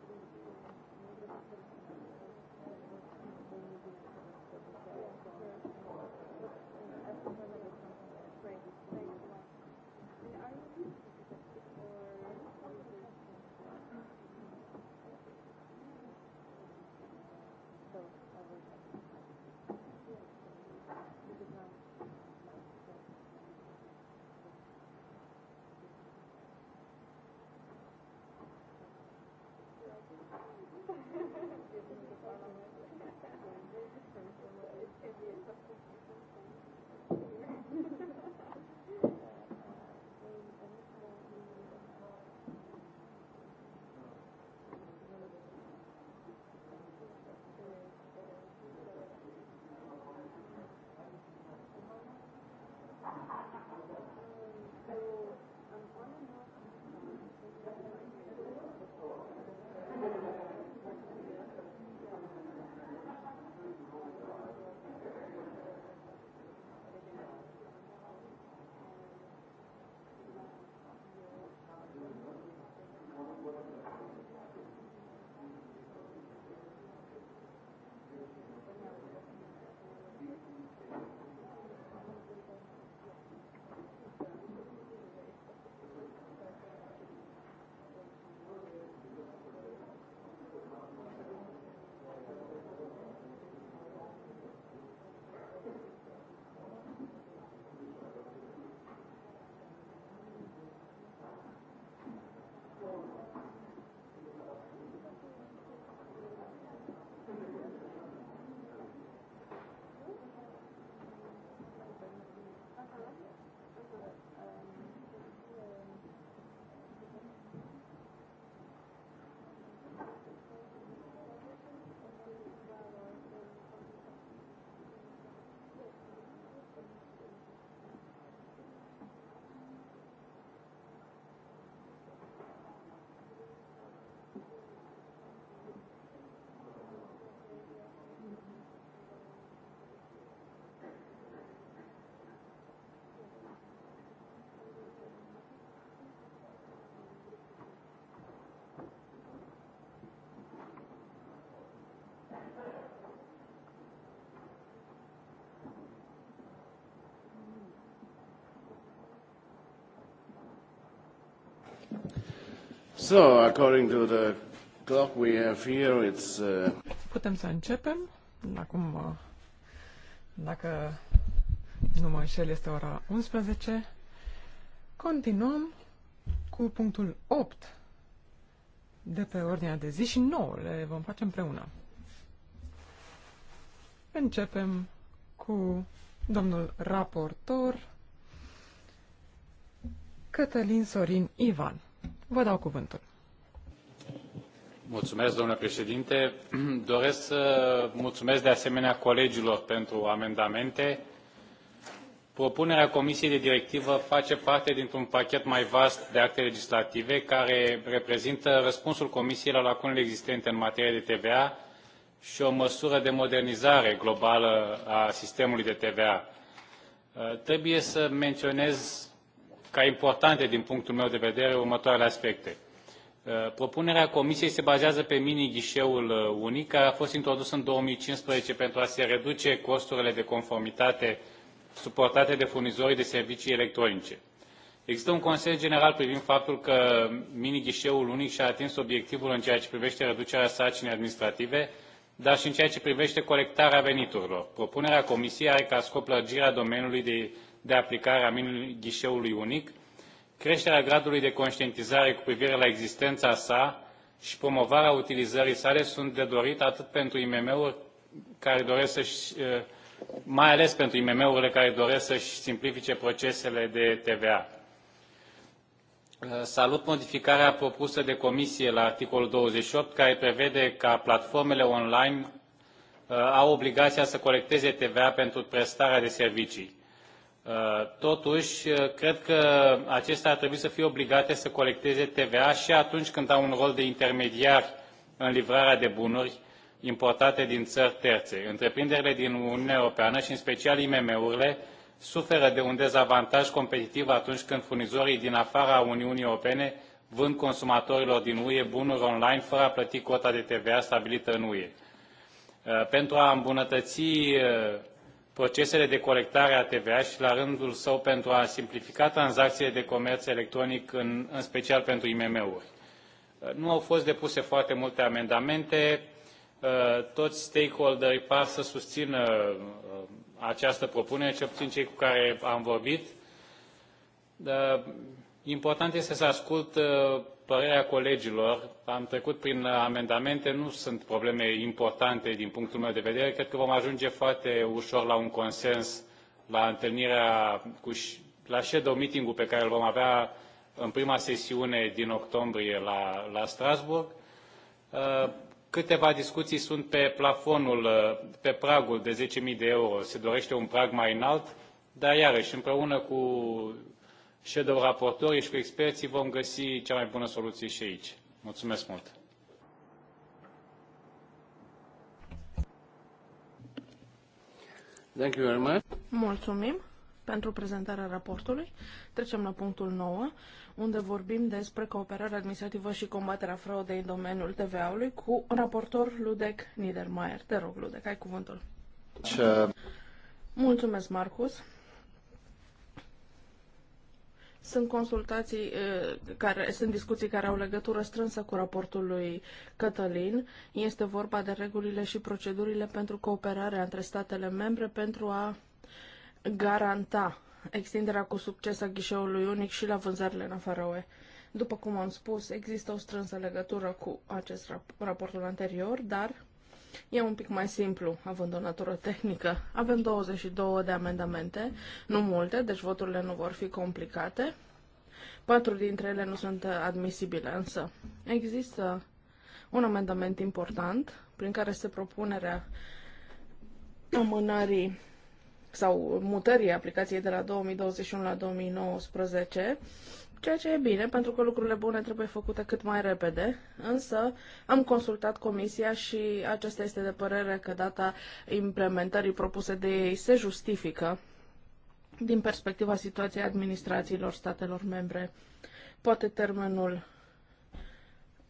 Speaker 1: So, according to the clock we have here, it's... Uh...
Speaker 4: Putem să începem. Acum, uh, dacă nu mă înșel, este ora 11. Continuăm cu punctul 8 de pe ordinea de zi și 9 le vom face împreună. Începem cu domnul raportor Cătălin Sorin Ivan. Vă dau cuvântul.
Speaker 3: Mulțumesc, domnule președinte. Doresc să mulțumesc de asemenea colegilor pentru amendamente. Propunerea Comisiei de directivă face parte dintr-un pachet mai vast de acte legislative care reprezintă răspunsul Comisiei la lacunele existente în materie de TVA și o măsură de modernizare globală a sistemului de TVA. Trebuie să menționez ca importante din punctul meu de vedere următoarele aspecte. Uh, propunerea Comisiei se bazează pe mini-ghișeul uh, unic, care a fost introdus în 2015 pentru a se reduce costurile de conformitate suportate de furnizorii de servicii electronice. Există un consens general privind faptul că mini-ghișeul unic și-a atins obiectivul în ceea ce privește reducerea sarcinii administrative, dar și în ceea ce privește colectarea veniturilor. Propunerea Comisiei are ca scop lărgirea domeniului de de aplicare a ghișeului unic, creșterea gradului de conștientizare cu privire la existența sa și promovarea utilizării sale sunt de dorit atât pentru IMM-uri care doresc să-și, eh, mai ales pentru IMM-urile care doresc să-și simplifice procesele de TVA. Eh, salut modificarea propusă de comisie la articolul 28, care prevede ca platformele online eh, au obligația să colecteze TVA pentru prestarea de servicii. Uh, totuși, uh, cred că acestea ar trebui să fie obligate să colecteze TVA și atunci când au un rol de intermediar în livrarea de bunuri importate din țări terțe. Întreprinderile din Uniunea Europeană și în special IMM-urile suferă de un dezavantaj competitiv atunci când furnizorii din afara Uniunii Europene vând consumatorilor din UE bunuri online fără a plăti cota de TVA stabilită în UE. Uh, pentru a îmbunătăți procesele de colectare a tva și la rândul său pentru a simplifica tranzacțiile de comerț electronic în, în special pentru imm uri. Uh, nu au fost depuse foarte multe amendamente uh, toți stakeholderii par să susțină uh, această propunere, cel puțin cei cu care am vorbit. Important este să ascult părerea colegilor am trecut prin amendamente nu sunt probleme importante din punctul meu de vedere cred că vom ajunge foarte ușor la un consens la întâlnirea cu la shadow meeting ul pe care îl vom avea în prima sesiune din octombrie la, la Strasbourg. Uh, câteva discuții sunt pe plafonul, uh, pe pragul de 10.000 de euro. Se dorește un prag mai înalt, dar iarăși împreună cu shadow raportorii și cu experții vom găsi cea mai bună soluție și aici. Mulțumesc mult! Thank you very much.
Speaker 5: Mulțumim pentru prezentarea raportului. Trecem la punctul 9, unde vorbim despre cooperarea administrativă și combaterea fraudei în domeniul TVA-ului cu raportor Ludec Niedermayer. Te rog, Ludec, ai cuvântul. Ce... Mulțumesc, Marcus. Sunt consultații care sunt discuții care au legătură strânsă cu raportul lui Cătălin. Este vorba de regulile și procedurile pentru cooperarea între statele membre pentru a garanta extinderea cu succes a ghișeului unic și la vânzările în afară UE. După cum am spus, există o strânsă legătură cu acest raportul anterior, dar E un pic mai simplu, având o natură tehnică. Avem 22 de amendamente, nu multe, deci voturile nu vor fi complicate. Patru dintre ele nu sunt admisibile, însă există un amendament important prin care se propunerea amânării sau mutării aplicației de la 2021 la 2019 ceea ce e bine, pentru că lucrurile bune trebuie făcute cât mai repede, însă am consultat comisia și acesta este de părere că data implementării propuse de ei se justifică din perspectiva situației administrațiilor statelor membre. Poate termenul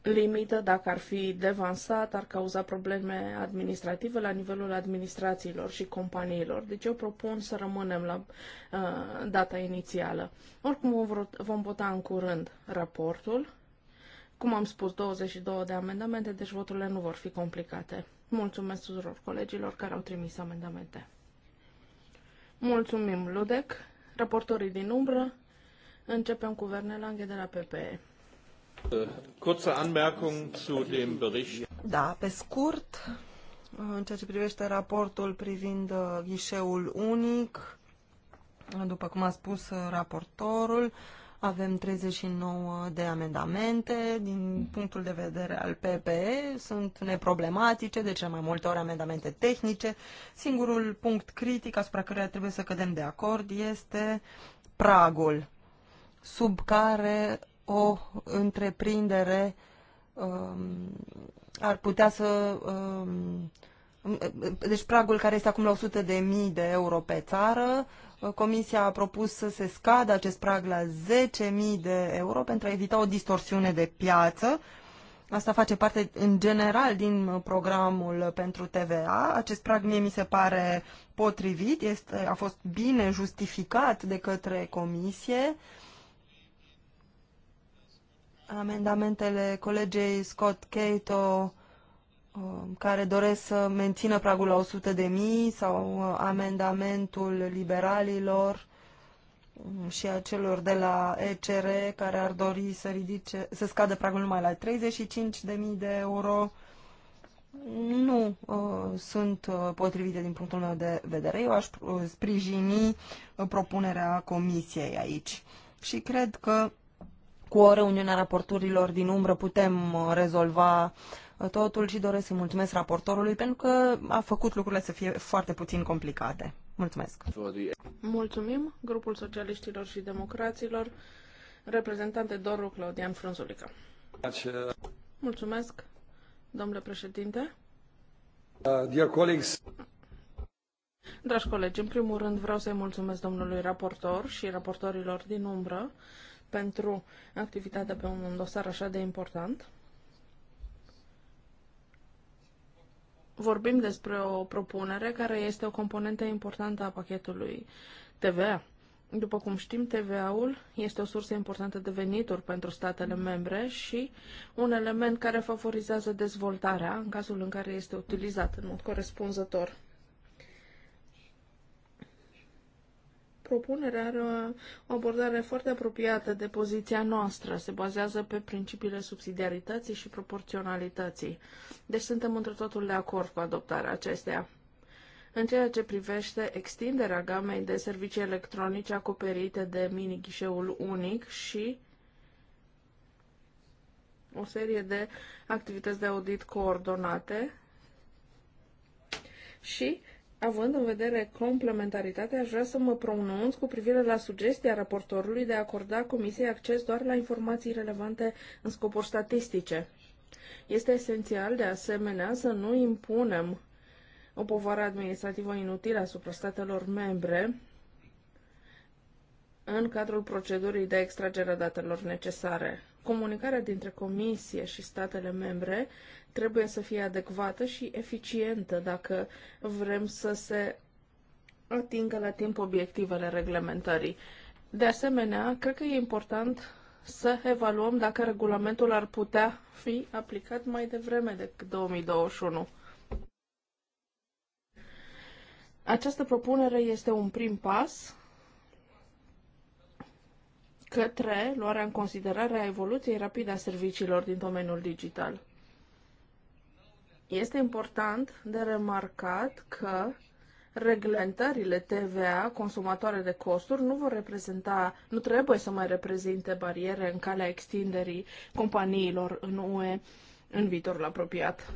Speaker 5: limită, dacă ar fi devansat, ar cauza probleme administrative la nivelul administrațiilor și companiilor. Deci eu propun să rămânem la uh, data inițială. Oricum vom vota în curând raportul. Cum am spus, 22 de amendamente, deci voturile nu vor fi complicate. Mulțumesc tuturor colegilor care au trimis amendamente. Mulțumim, Ludec. Raportorii din umbră. Începem cu Verne Lange de la PPE.
Speaker 2: Da, pe scurt, în ceea ce privește raportul privind uh, ghișeul unic, după cum a spus uh, raportorul, avem 39 de amendamente din punctul de vedere al PPE, sunt neproblematice, de cele mai multe ori amendamente tehnice. Singurul punct critic asupra căruia trebuie să cădem de acord este pragul sub care o întreprindere uh, ar putea să... Uh, deci pragul care este acum la 100 de mii de euro pe țară, uh, Comisia a propus să se scadă acest prag la 10.000 de euro pentru a evita o distorsiune de piață. Asta face parte în general din programul pentru TVA. Acest prag mie mi se pare potrivit, este, a fost bine justificat de către Comisie. Uh, amendamentele colegei Scott Cato um, care doresc să mențină pragul la 100 de mii sau uh, amendamentul liberalilor um, și a celor de la ECR care ar dori să, ridice, să scadă pragul numai la 35 de mii de euro nu uh, sunt uh, potrivite din punctul meu de vedere. Eu aș uh, sprijini propunerea comisiei aici și cred că cu o reuniune a raporturilor din umbră putem uh, rezolva uh, totul și doresc să mulțumesc raportorului pentru că a făcut lucrurile să fie foarte puțin complicate.
Speaker 1: Mulțumesc!
Speaker 5: Mulțumim grupul socialiștilor și democraților, reprezentante Doru Claudian Frunzulică. Mulțumesc, domnule președinte.
Speaker 4: Dear colleagues.
Speaker 5: Dragi colegi, în primul rând vreau să-i mulțumesc domnului raportor și raportorilor din umbră pentru activitatea pe un dosar așa de important. Vorbim despre o propunere care este o componentă importantă a pachetului TVA. După cum știm, TVA-ul este o sursă importantă de venituri pentru statele membre și un element care favorizează dezvoltarea în cazul în care este utilizat în mod corespunzător. propunerea are o abordare foarte apropiată de poziția noastră. Se bazează pe principiile subsidiarității și proporționalității. Deci suntem într totul de acord cu adoptarea acesteia. În ceea ce privește extinderea gamei de servicii electronice acoperite de mini-ghișeul unic și o serie de activități de audit coordonate și Având în vedere complementaritatea, aș vrea să mă pronunț cu privire la sugestia raportorului de a acorda Comisiei acces doar la informații relevante în scopuri statistice. Este esențial, de asemenea, să nu impunem o povară administrativă inutilă asupra statelor membre în cadrul procedurii de extragere a datelor necesare comunicarea dintre Comisie și statele membre trebuie să fie adecvată și eficientă dacă vrem să se atingă la timp obiectivele reglementării. De asemenea, cred că e important să evaluăm dacă regulamentul ar putea fi aplicat mai devreme decât 2021. Această propunere este un prim pas către luarea în considerare a evoluției rapide a serviciilor din domeniul digital. Este important de remarcat că reglementările TVA consumatoare de costuri nu vor reprezenta, nu trebuie să mai reprezinte bariere în calea extinderii companiilor în UE în viitorul apropiat.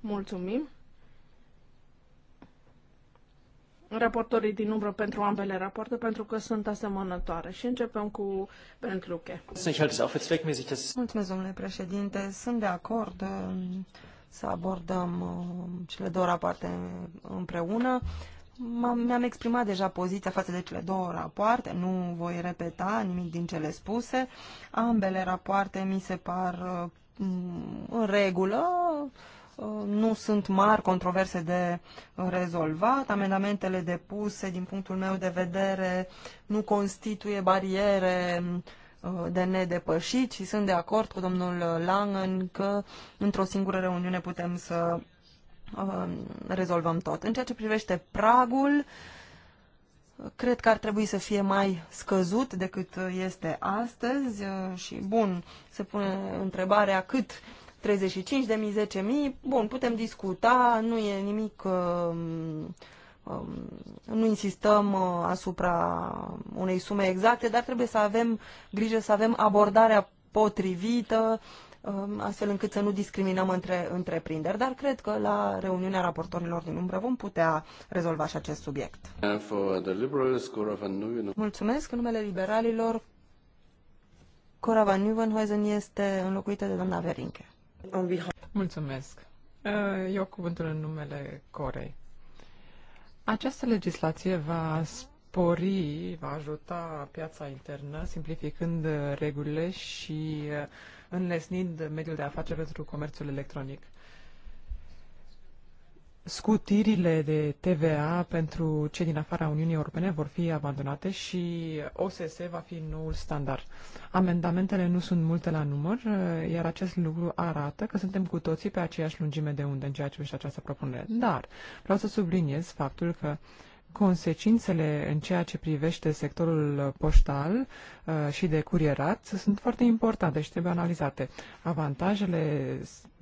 Speaker 5: Mulțumim! raportorii din umbră pentru ambele rapoarte pentru că sunt asemănătoare. Și începem cu Bernd Luche.
Speaker 2: Mulțumesc, domnule președinte. Sunt de acord um, să abordăm um, cele două rapoarte împreună. Mi-am exprimat deja poziția față de cele două rapoarte, nu voi repeta nimic din cele spuse. Ambele rapoarte mi se par uh, în regulă, Uh, nu sunt mari controverse de rezolvat. Amendamentele depuse, din punctul meu de vedere, nu constituie bariere uh, de nedepășit și sunt de acord cu domnul Langen că într-o singură reuniune putem să uh, rezolvăm tot. În ceea ce privește pragul, cred că ar trebui să fie mai scăzut decât este astăzi și, bun, se pune întrebarea cât uh, 35 de mii, bun, putem discuta, nu e nimic, um, um, nu insistăm uh, asupra unei sume exacte, dar trebuie să avem grijă să avem abordarea potrivită, um, astfel încât să nu discriminăm între întreprinderi, dar cred că la reuniunea raportorilor din umbră vom putea rezolva și acest subiect. Mulțumesc în numele liberalilor Cora Van Nieuwenhuizen este înlocuită de doamna Verinche.
Speaker 4: Mulțumesc. Eu cuvântul în numele Corei. Această legislație va spori, va ajuta piața internă, simplificând regulile și înlesnind mediul de afaceri pentru comerțul electronic scutirile de TVA pentru cei din afara Uniunii Europene vor fi abandonate și OSS va fi noul standard. Amendamentele nu sunt multe la număr, iar acest lucru arată că suntem cu toții pe aceeași lungime de undă în ceea ce privește această propunere. Dar vreau să subliniez faptul că consecințele în ceea ce privește sectorul poștal uh, și de curierat sunt foarte importante și trebuie analizate. Avantajele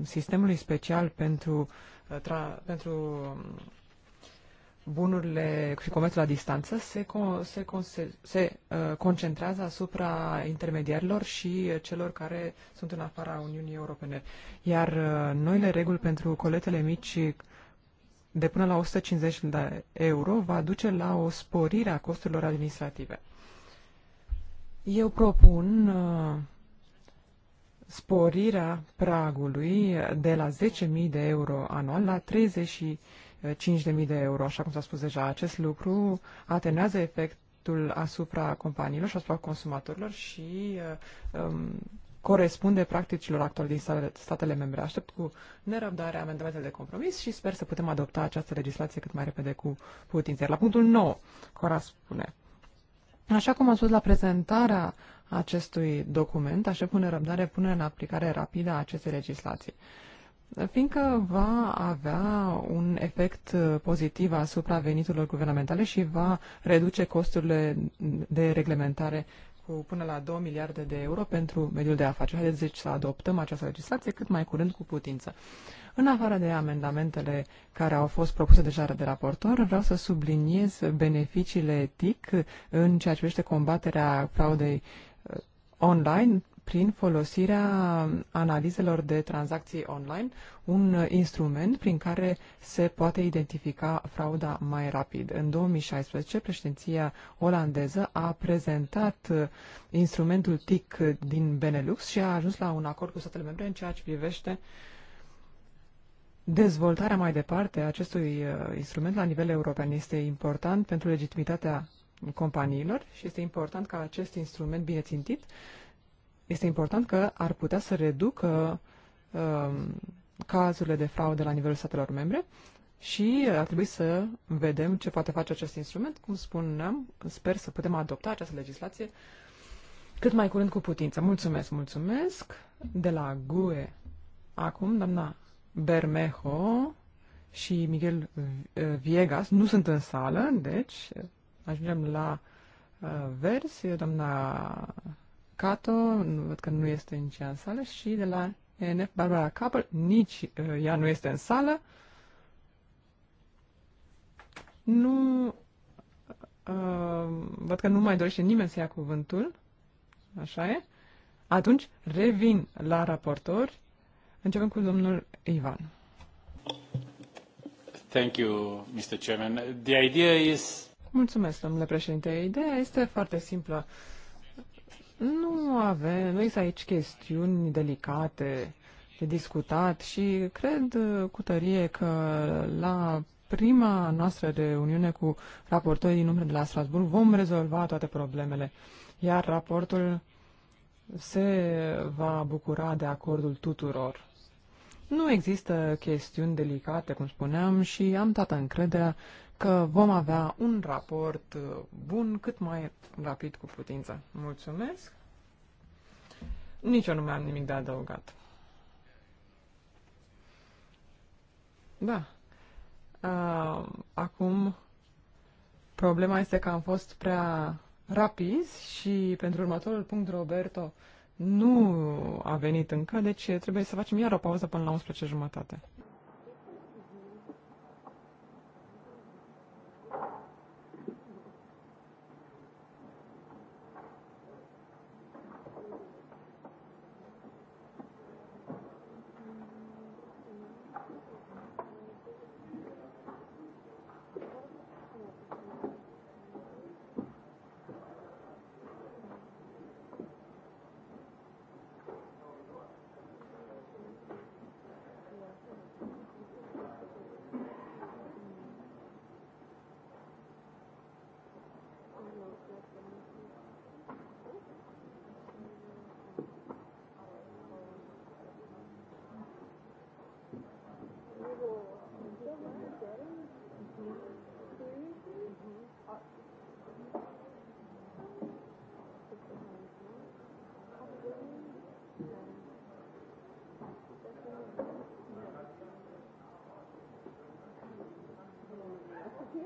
Speaker 4: sistemului special pentru uh, tra, pentru bunurile și comerțul la distanță se, con, se, con, se, se uh, concentrează asupra intermediarilor și celor care sunt în afara Uniunii Europene. Iar uh, noile reguli pentru coletele mici de până la 150 de euro va duce la o sporire a costurilor administrative. Eu propun uh, sporirea pragului de la 10.000 de euro anual la 35.000 de euro. Așa cum s-a spus deja, acest lucru atenuează efectul asupra companiilor și asupra consumatorilor și uh, um, corespunde practicilor actuale din statele membre. Aștept cu nerăbdare amendamentele de compromis și sper să putem adopta această legislație cât mai repede cu putință. Iar la punctul 9, Cora spune – Așa cum am spus la prezentarea acestui document, aștept pune răbdare, pune în aplicare rapidă a acestei legislații fiindcă va avea un efect uh, pozitiv asupra veniturilor guvernamentale și va reduce costurile de reglementare cu până la 2 miliarde de euro pentru mediul de afaceri. Haideți deci să adoptăm această legislație cât mai curând cu putință. În afară de amendamentele care au fost propuse deja de raportor, vreau să subliniez beneficiile TIC în ceea ce privește combaterea fraudei uh, online prin folosirea analizelor de tranzacții online, un uh, instrument prin care se poate identifica frauda mai rapid. În 2016, președinția olandeză a prezentat uh, instrumentul TIC din Benelux și a ajuns la un acord cu statele membre în ceea ce privește uh, Dezvoltarea mai departe a acestui uh, instrument la nivel european este important pentru legitimitatea companiilor și este important ca acest instrument bine țintit, este important că ar putea să reducă uh, cazurile de fraude la nivelul statelor membre și ar trebui să vedem ce poate face acest instrument. Cum spuneam, sper să putem adopta această legislație cât mai curând cu putință. Mulțumesc, mulțumesc. De la GUE, acum, doamna Bermejo și Miguel eh, Viegas nu sunt în sală, deci eh, ajungem la eh, Vers, doamna Cato, văd că nu este nici în sală, și de la NF Barbara Capel, nici ea nu este în sală. Nu, văd că nu mai dorește nimeni să ia cuvântul, așa e. Atunci revin la raportori Începem cu domnul Ivan.
Speaker 3: Thank you, Mr. Chairman. The idea is...
Speaker 4: Mulțumesc, domnule președinte. Ideea este foarte simplă. Nu avem, nu există aici chestiuni delicate de discutat și cred uh, cu tărie că la prima noastră reuniune cu raportorii din umbră de la Strasburg vom rezolva toate problemele. Iar raportul se va bucura de acordul tuturor. Nu există chestiuni delicate, cum spuneam, și am toată încrederea că vom avea un raport bun cât mai rapid cu putință. Mulțumesc! Nici eu nu mai am nimic de adăugat. Da. Uh, acum, problema este că am fost prea rapizi și pentru următorul punct Roberto nu a venit încă, deci trebuie să facem iar o pauză până la 11.30.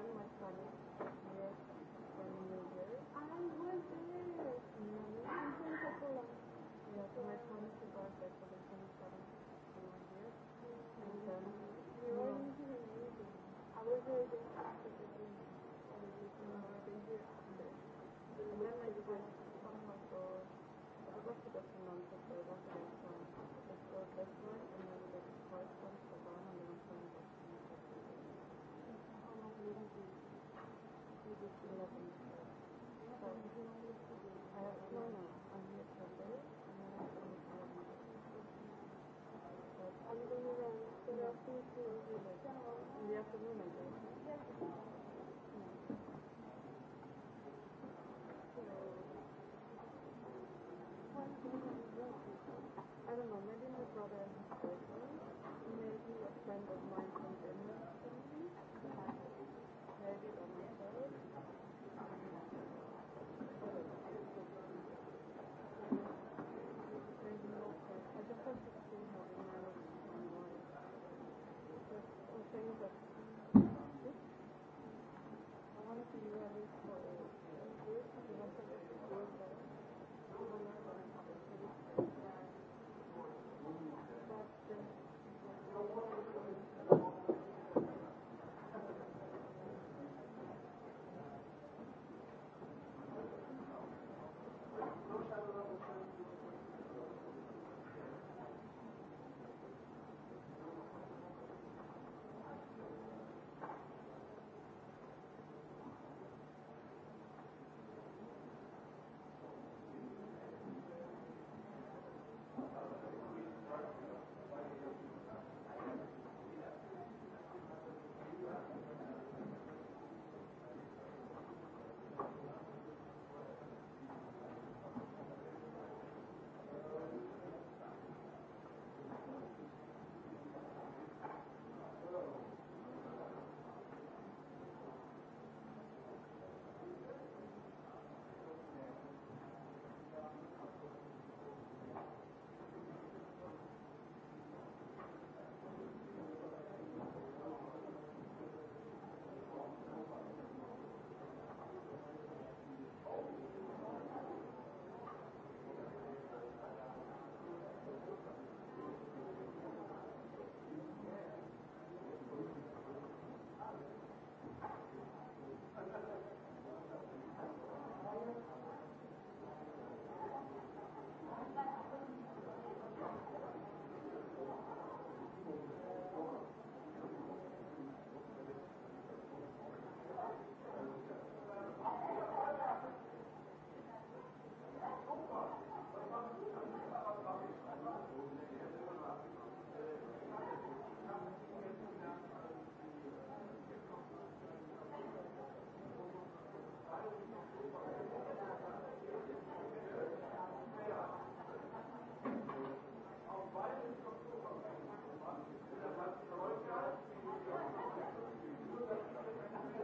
Speaker 6: probleme mai clare. the moment.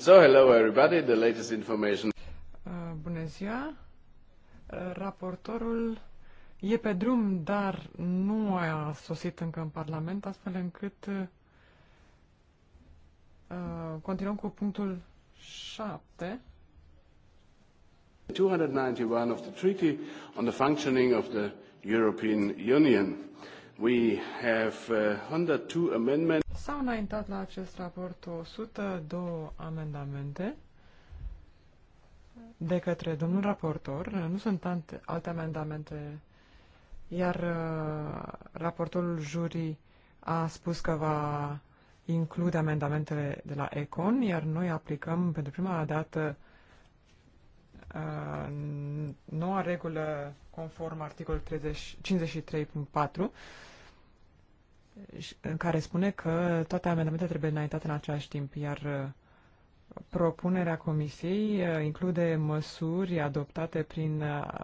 Speaker 1: So, hello everybody, the latest information.
Speaker 4: Uh, bună ziua! Raportorul e pe drum, dar nu a sosit încă în Parlament, astfel încât uh, continuăm cu punctul 7.
Speaker 1: 291 of the Treaty on the Functioning of the European Union. We have uh, 102
Speaker 4: amendments. S-au înaintat la acest raport 102 amendamente de către domnul raportor. Nu sunt alte amendamente, iar uh, raportorul jurii a spus că va include amendamentele de la ECON, iar noi aplicăm pentru prima dată uh, noua regulă conform articolul 53.4 care spune că toate amendamentele trebuie înaintate în același timp, iar uh, propunerea comisiei uh, include măsuri adoptate prin uh,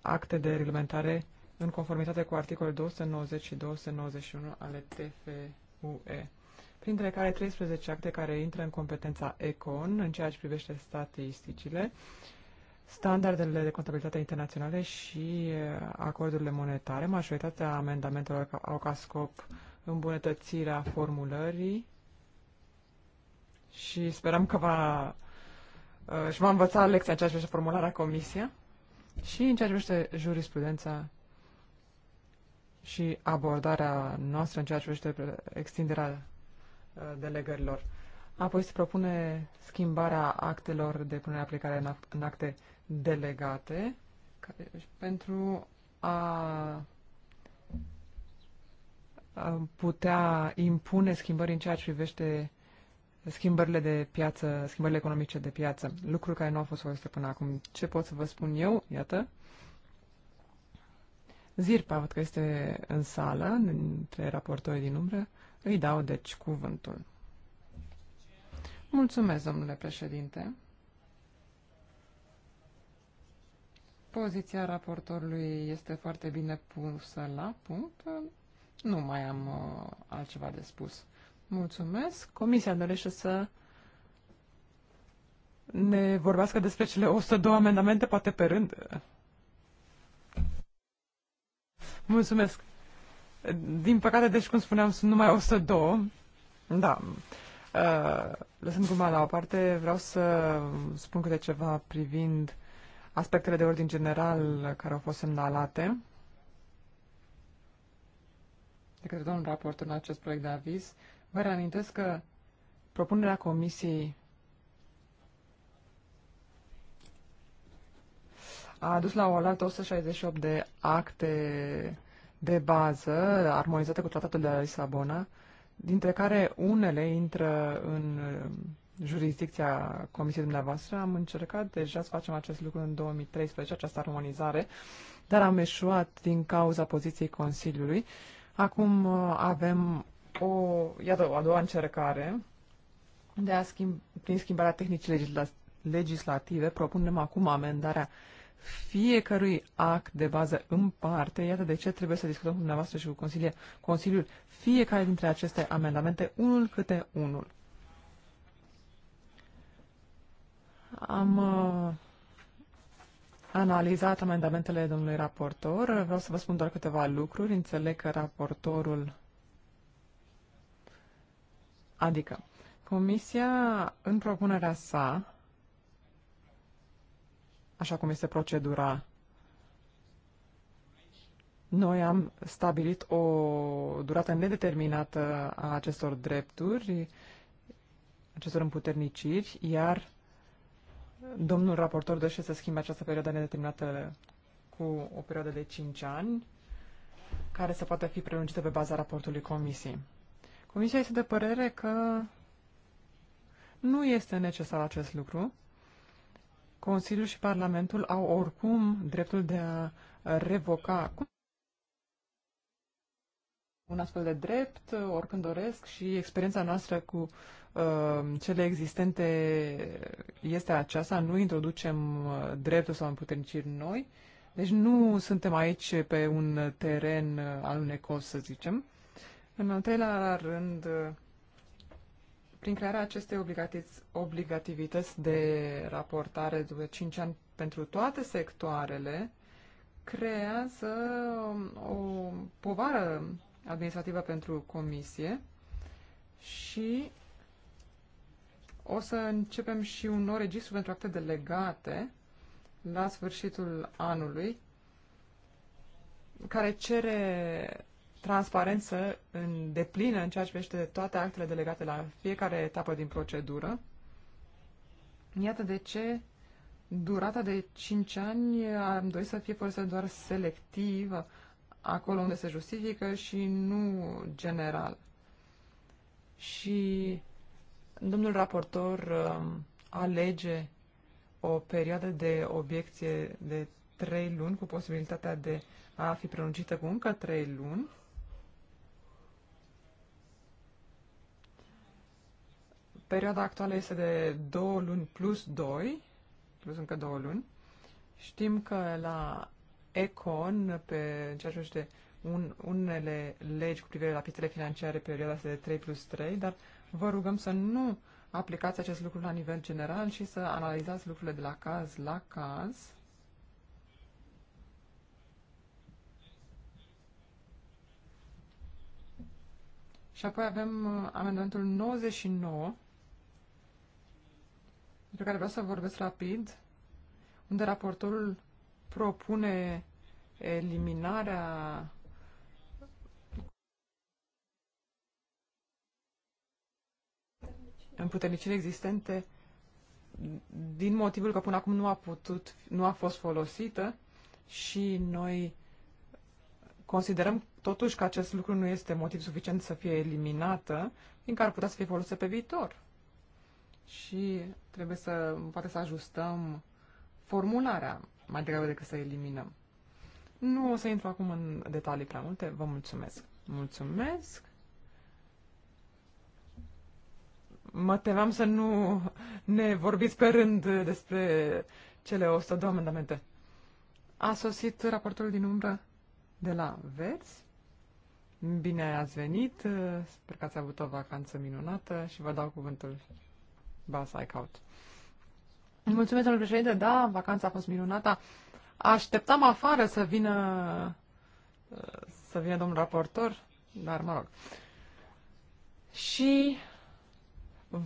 Speaker 4: acte de reglementare în conformitate cu articolul 290 și 291 ale TFUE, printre care 13 acte care intră în competența ECON în ceea ce privește statisticile standardele de contabilitate internaționale și eh, acordurile monetare. Majoritatea amendamentelor au ca scop îmbunătățirea formulării și sperăm că va eh, și va învăța lecția în ceea ce privește formularea comisia și în ceea ce privește jurisprudența și abordarea noastră în ceea ce privește extinderea eh, delegărilor. Apoi se propune schimbarea actelor de punere în aplicare în acte delegate care, pentru a putea impune schimbări în ceea ce privește schimbările de piață, schimbările economice de piață, lucruri care nu au fost folosite până acum. Ce pot să vă spun eu? Iată. Zirpa, văd că este în sală, între raportorii din umbră, îi dau deci cuvântul. Mulțumesc, domnule președinte. Poziția raportorului este foarte bine pusă la punct. Nu mai am uh, altceva de spus. Mulțumesc. Comisia dorește să ne vorbească despre cele 102 amendamente, poate pe rând. Mulțumesc. Din păcate, deci, cum spuneam, sunt numai 102. Da. Uh, lăsând gluma la o parte, vreau să spun câte ceva privind aspectele de ordin general care au fost semnalate de către domnul raportor în acest proiect de aviz, vă reamintesc că propunerea comisiei a adus la o altă 168 de acte de bază armonizate cu tratatul de la Lisabona, dintre care unele intră în jurisdicția comisiei dumneavoastră. Am încercat deja să facem acest lucru în 2013, această armonizare, dar am eșuat din cauza poziției Consiliului. Acum uh, avem o, iată, o a doua încercare de a schimb, prin schimbarea tehnicii legisla, legislative. Propunem acum amendarea fiecărui act de bază în parte. Iată de ce trebuie să discutăm cu dumneavoastră și cu Consiliul, Consiliul fiecare dintre aceste amendamente, unul câte unul. Am uh, analizat amendamentele domnului raportor. Vreau să vă spun doar câteva lucruri. Înțeleg că raportorul, adică Comisia, în propunerea sa, așa cum este procedura, noi am stabilit o durată nedeterminată a acestor drepturi, acestor împuterniciri, iar Domnul raportor dorește să schimbe această perioadă nedeterminată cu o perioadă de 5 ani, care să poată fi prelungită pe baza raportului comisiei. Comisia este de părere că nu este necesar acest lucru. Consiliul și Parlamentul au oricum dreptul de a revoca un astfel de drept oricând doresc și experiența noastră cu uh, Uh, cele existente este aceasta, nu introducem uh, dreptul sau împuterniciri noi, deci nu suntem aici pe un teren uh, alunecos, să zicem. În al treilea rând, prin crearea acestei obligativități de raportare după 5 ani pentru toate sectoarele, creează um, o povară administrativă pentru comisie și o să începem și un nou registru pentru acte delegate la sfârșitul anului, care cere transparență în deplină în ceea ce privește toate actele delegate la fiecare etapă din procedură. Iată de ce durata de 5 ani am dorit să fie folosită doar selectiv, acolo unde se justifică și nu general. Și Domnul raportor um, alege o perioadă de obiecție de trei luni cu posibilitatea de a fi prelungită cu încă trei luni. Perioada actuală este de două luni plus doi, plus încă două luni. Știm că la Econ, pe ceea ce este un, unele legi cu privire la pistele financiare, perioada este de 3 plus 3, dar Vă rugăm să nu aplicați acest lucru la nivel general și să analizați lucrurile de la caz la caz. Și apoi avem uh, amendamentul 99, pe care vreau să vorbesc rapid, unde raportorul propune eliminarea împuterniciri existente, din motivul că până acum nu a putut, nu a fost folosită și noi considerăm totuși că acest lucru nu este motiv suficient să fie eliminată, fiindcă ar putea să fie folosită pe viitor. Și trebuie să, poate să ajustăm formularea mai degrabă decât să eliminăm. Nu o să intru acum în detalii prea multe. Vă mulțumesc. Mulțumesc. mă temeam să nu ne vorbiți pe rând despre cele 102 amendamente. A sosit raportul din umbră de la Veți. Bine ați venit, sper că ați avut o vacanță minunată și vă dau cuvântul Bas Aicaut. Mulțumesc, domnul președinte, da, vacanța a fost minunată. Așteptam afară să vină, să vină domnul raportor, dar mă rog. Și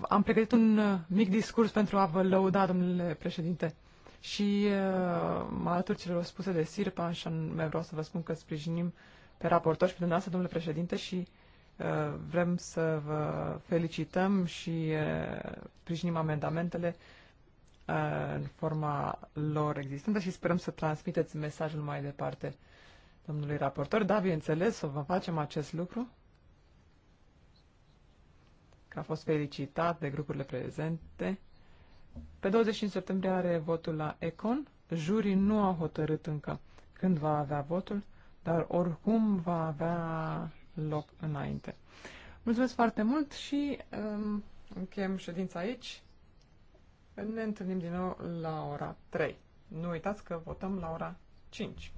Speaker 4: am pregătit un uh, mic discurs pentru a vă lăuda, domnule președinte. Și uh, mă alătur celor spuse de Sirpa așa mai vreau să vă spun că sprijinim pe raportor și pe dumneavoastră, domnule președinte, și uh, vrem să vă felicităm și uh, sprijinim amendamentele uh, în forma lor existentă și sperăm să transmiteți mesajul mai departe domnului raportor. Da, bineînțeles, o vă facem acest lucru a fost felicitat de grupurile prezente. Pe 25 septembrie are votul la Econ. Jurii nu au hotărât încă când va avea votul, dar oricum va avea loc înainte. Mulțumesc foarte mult și um, încheiem ședința aici. Ne întâlnim din nou la ora 3. Nu uitați că votăm la ora 5.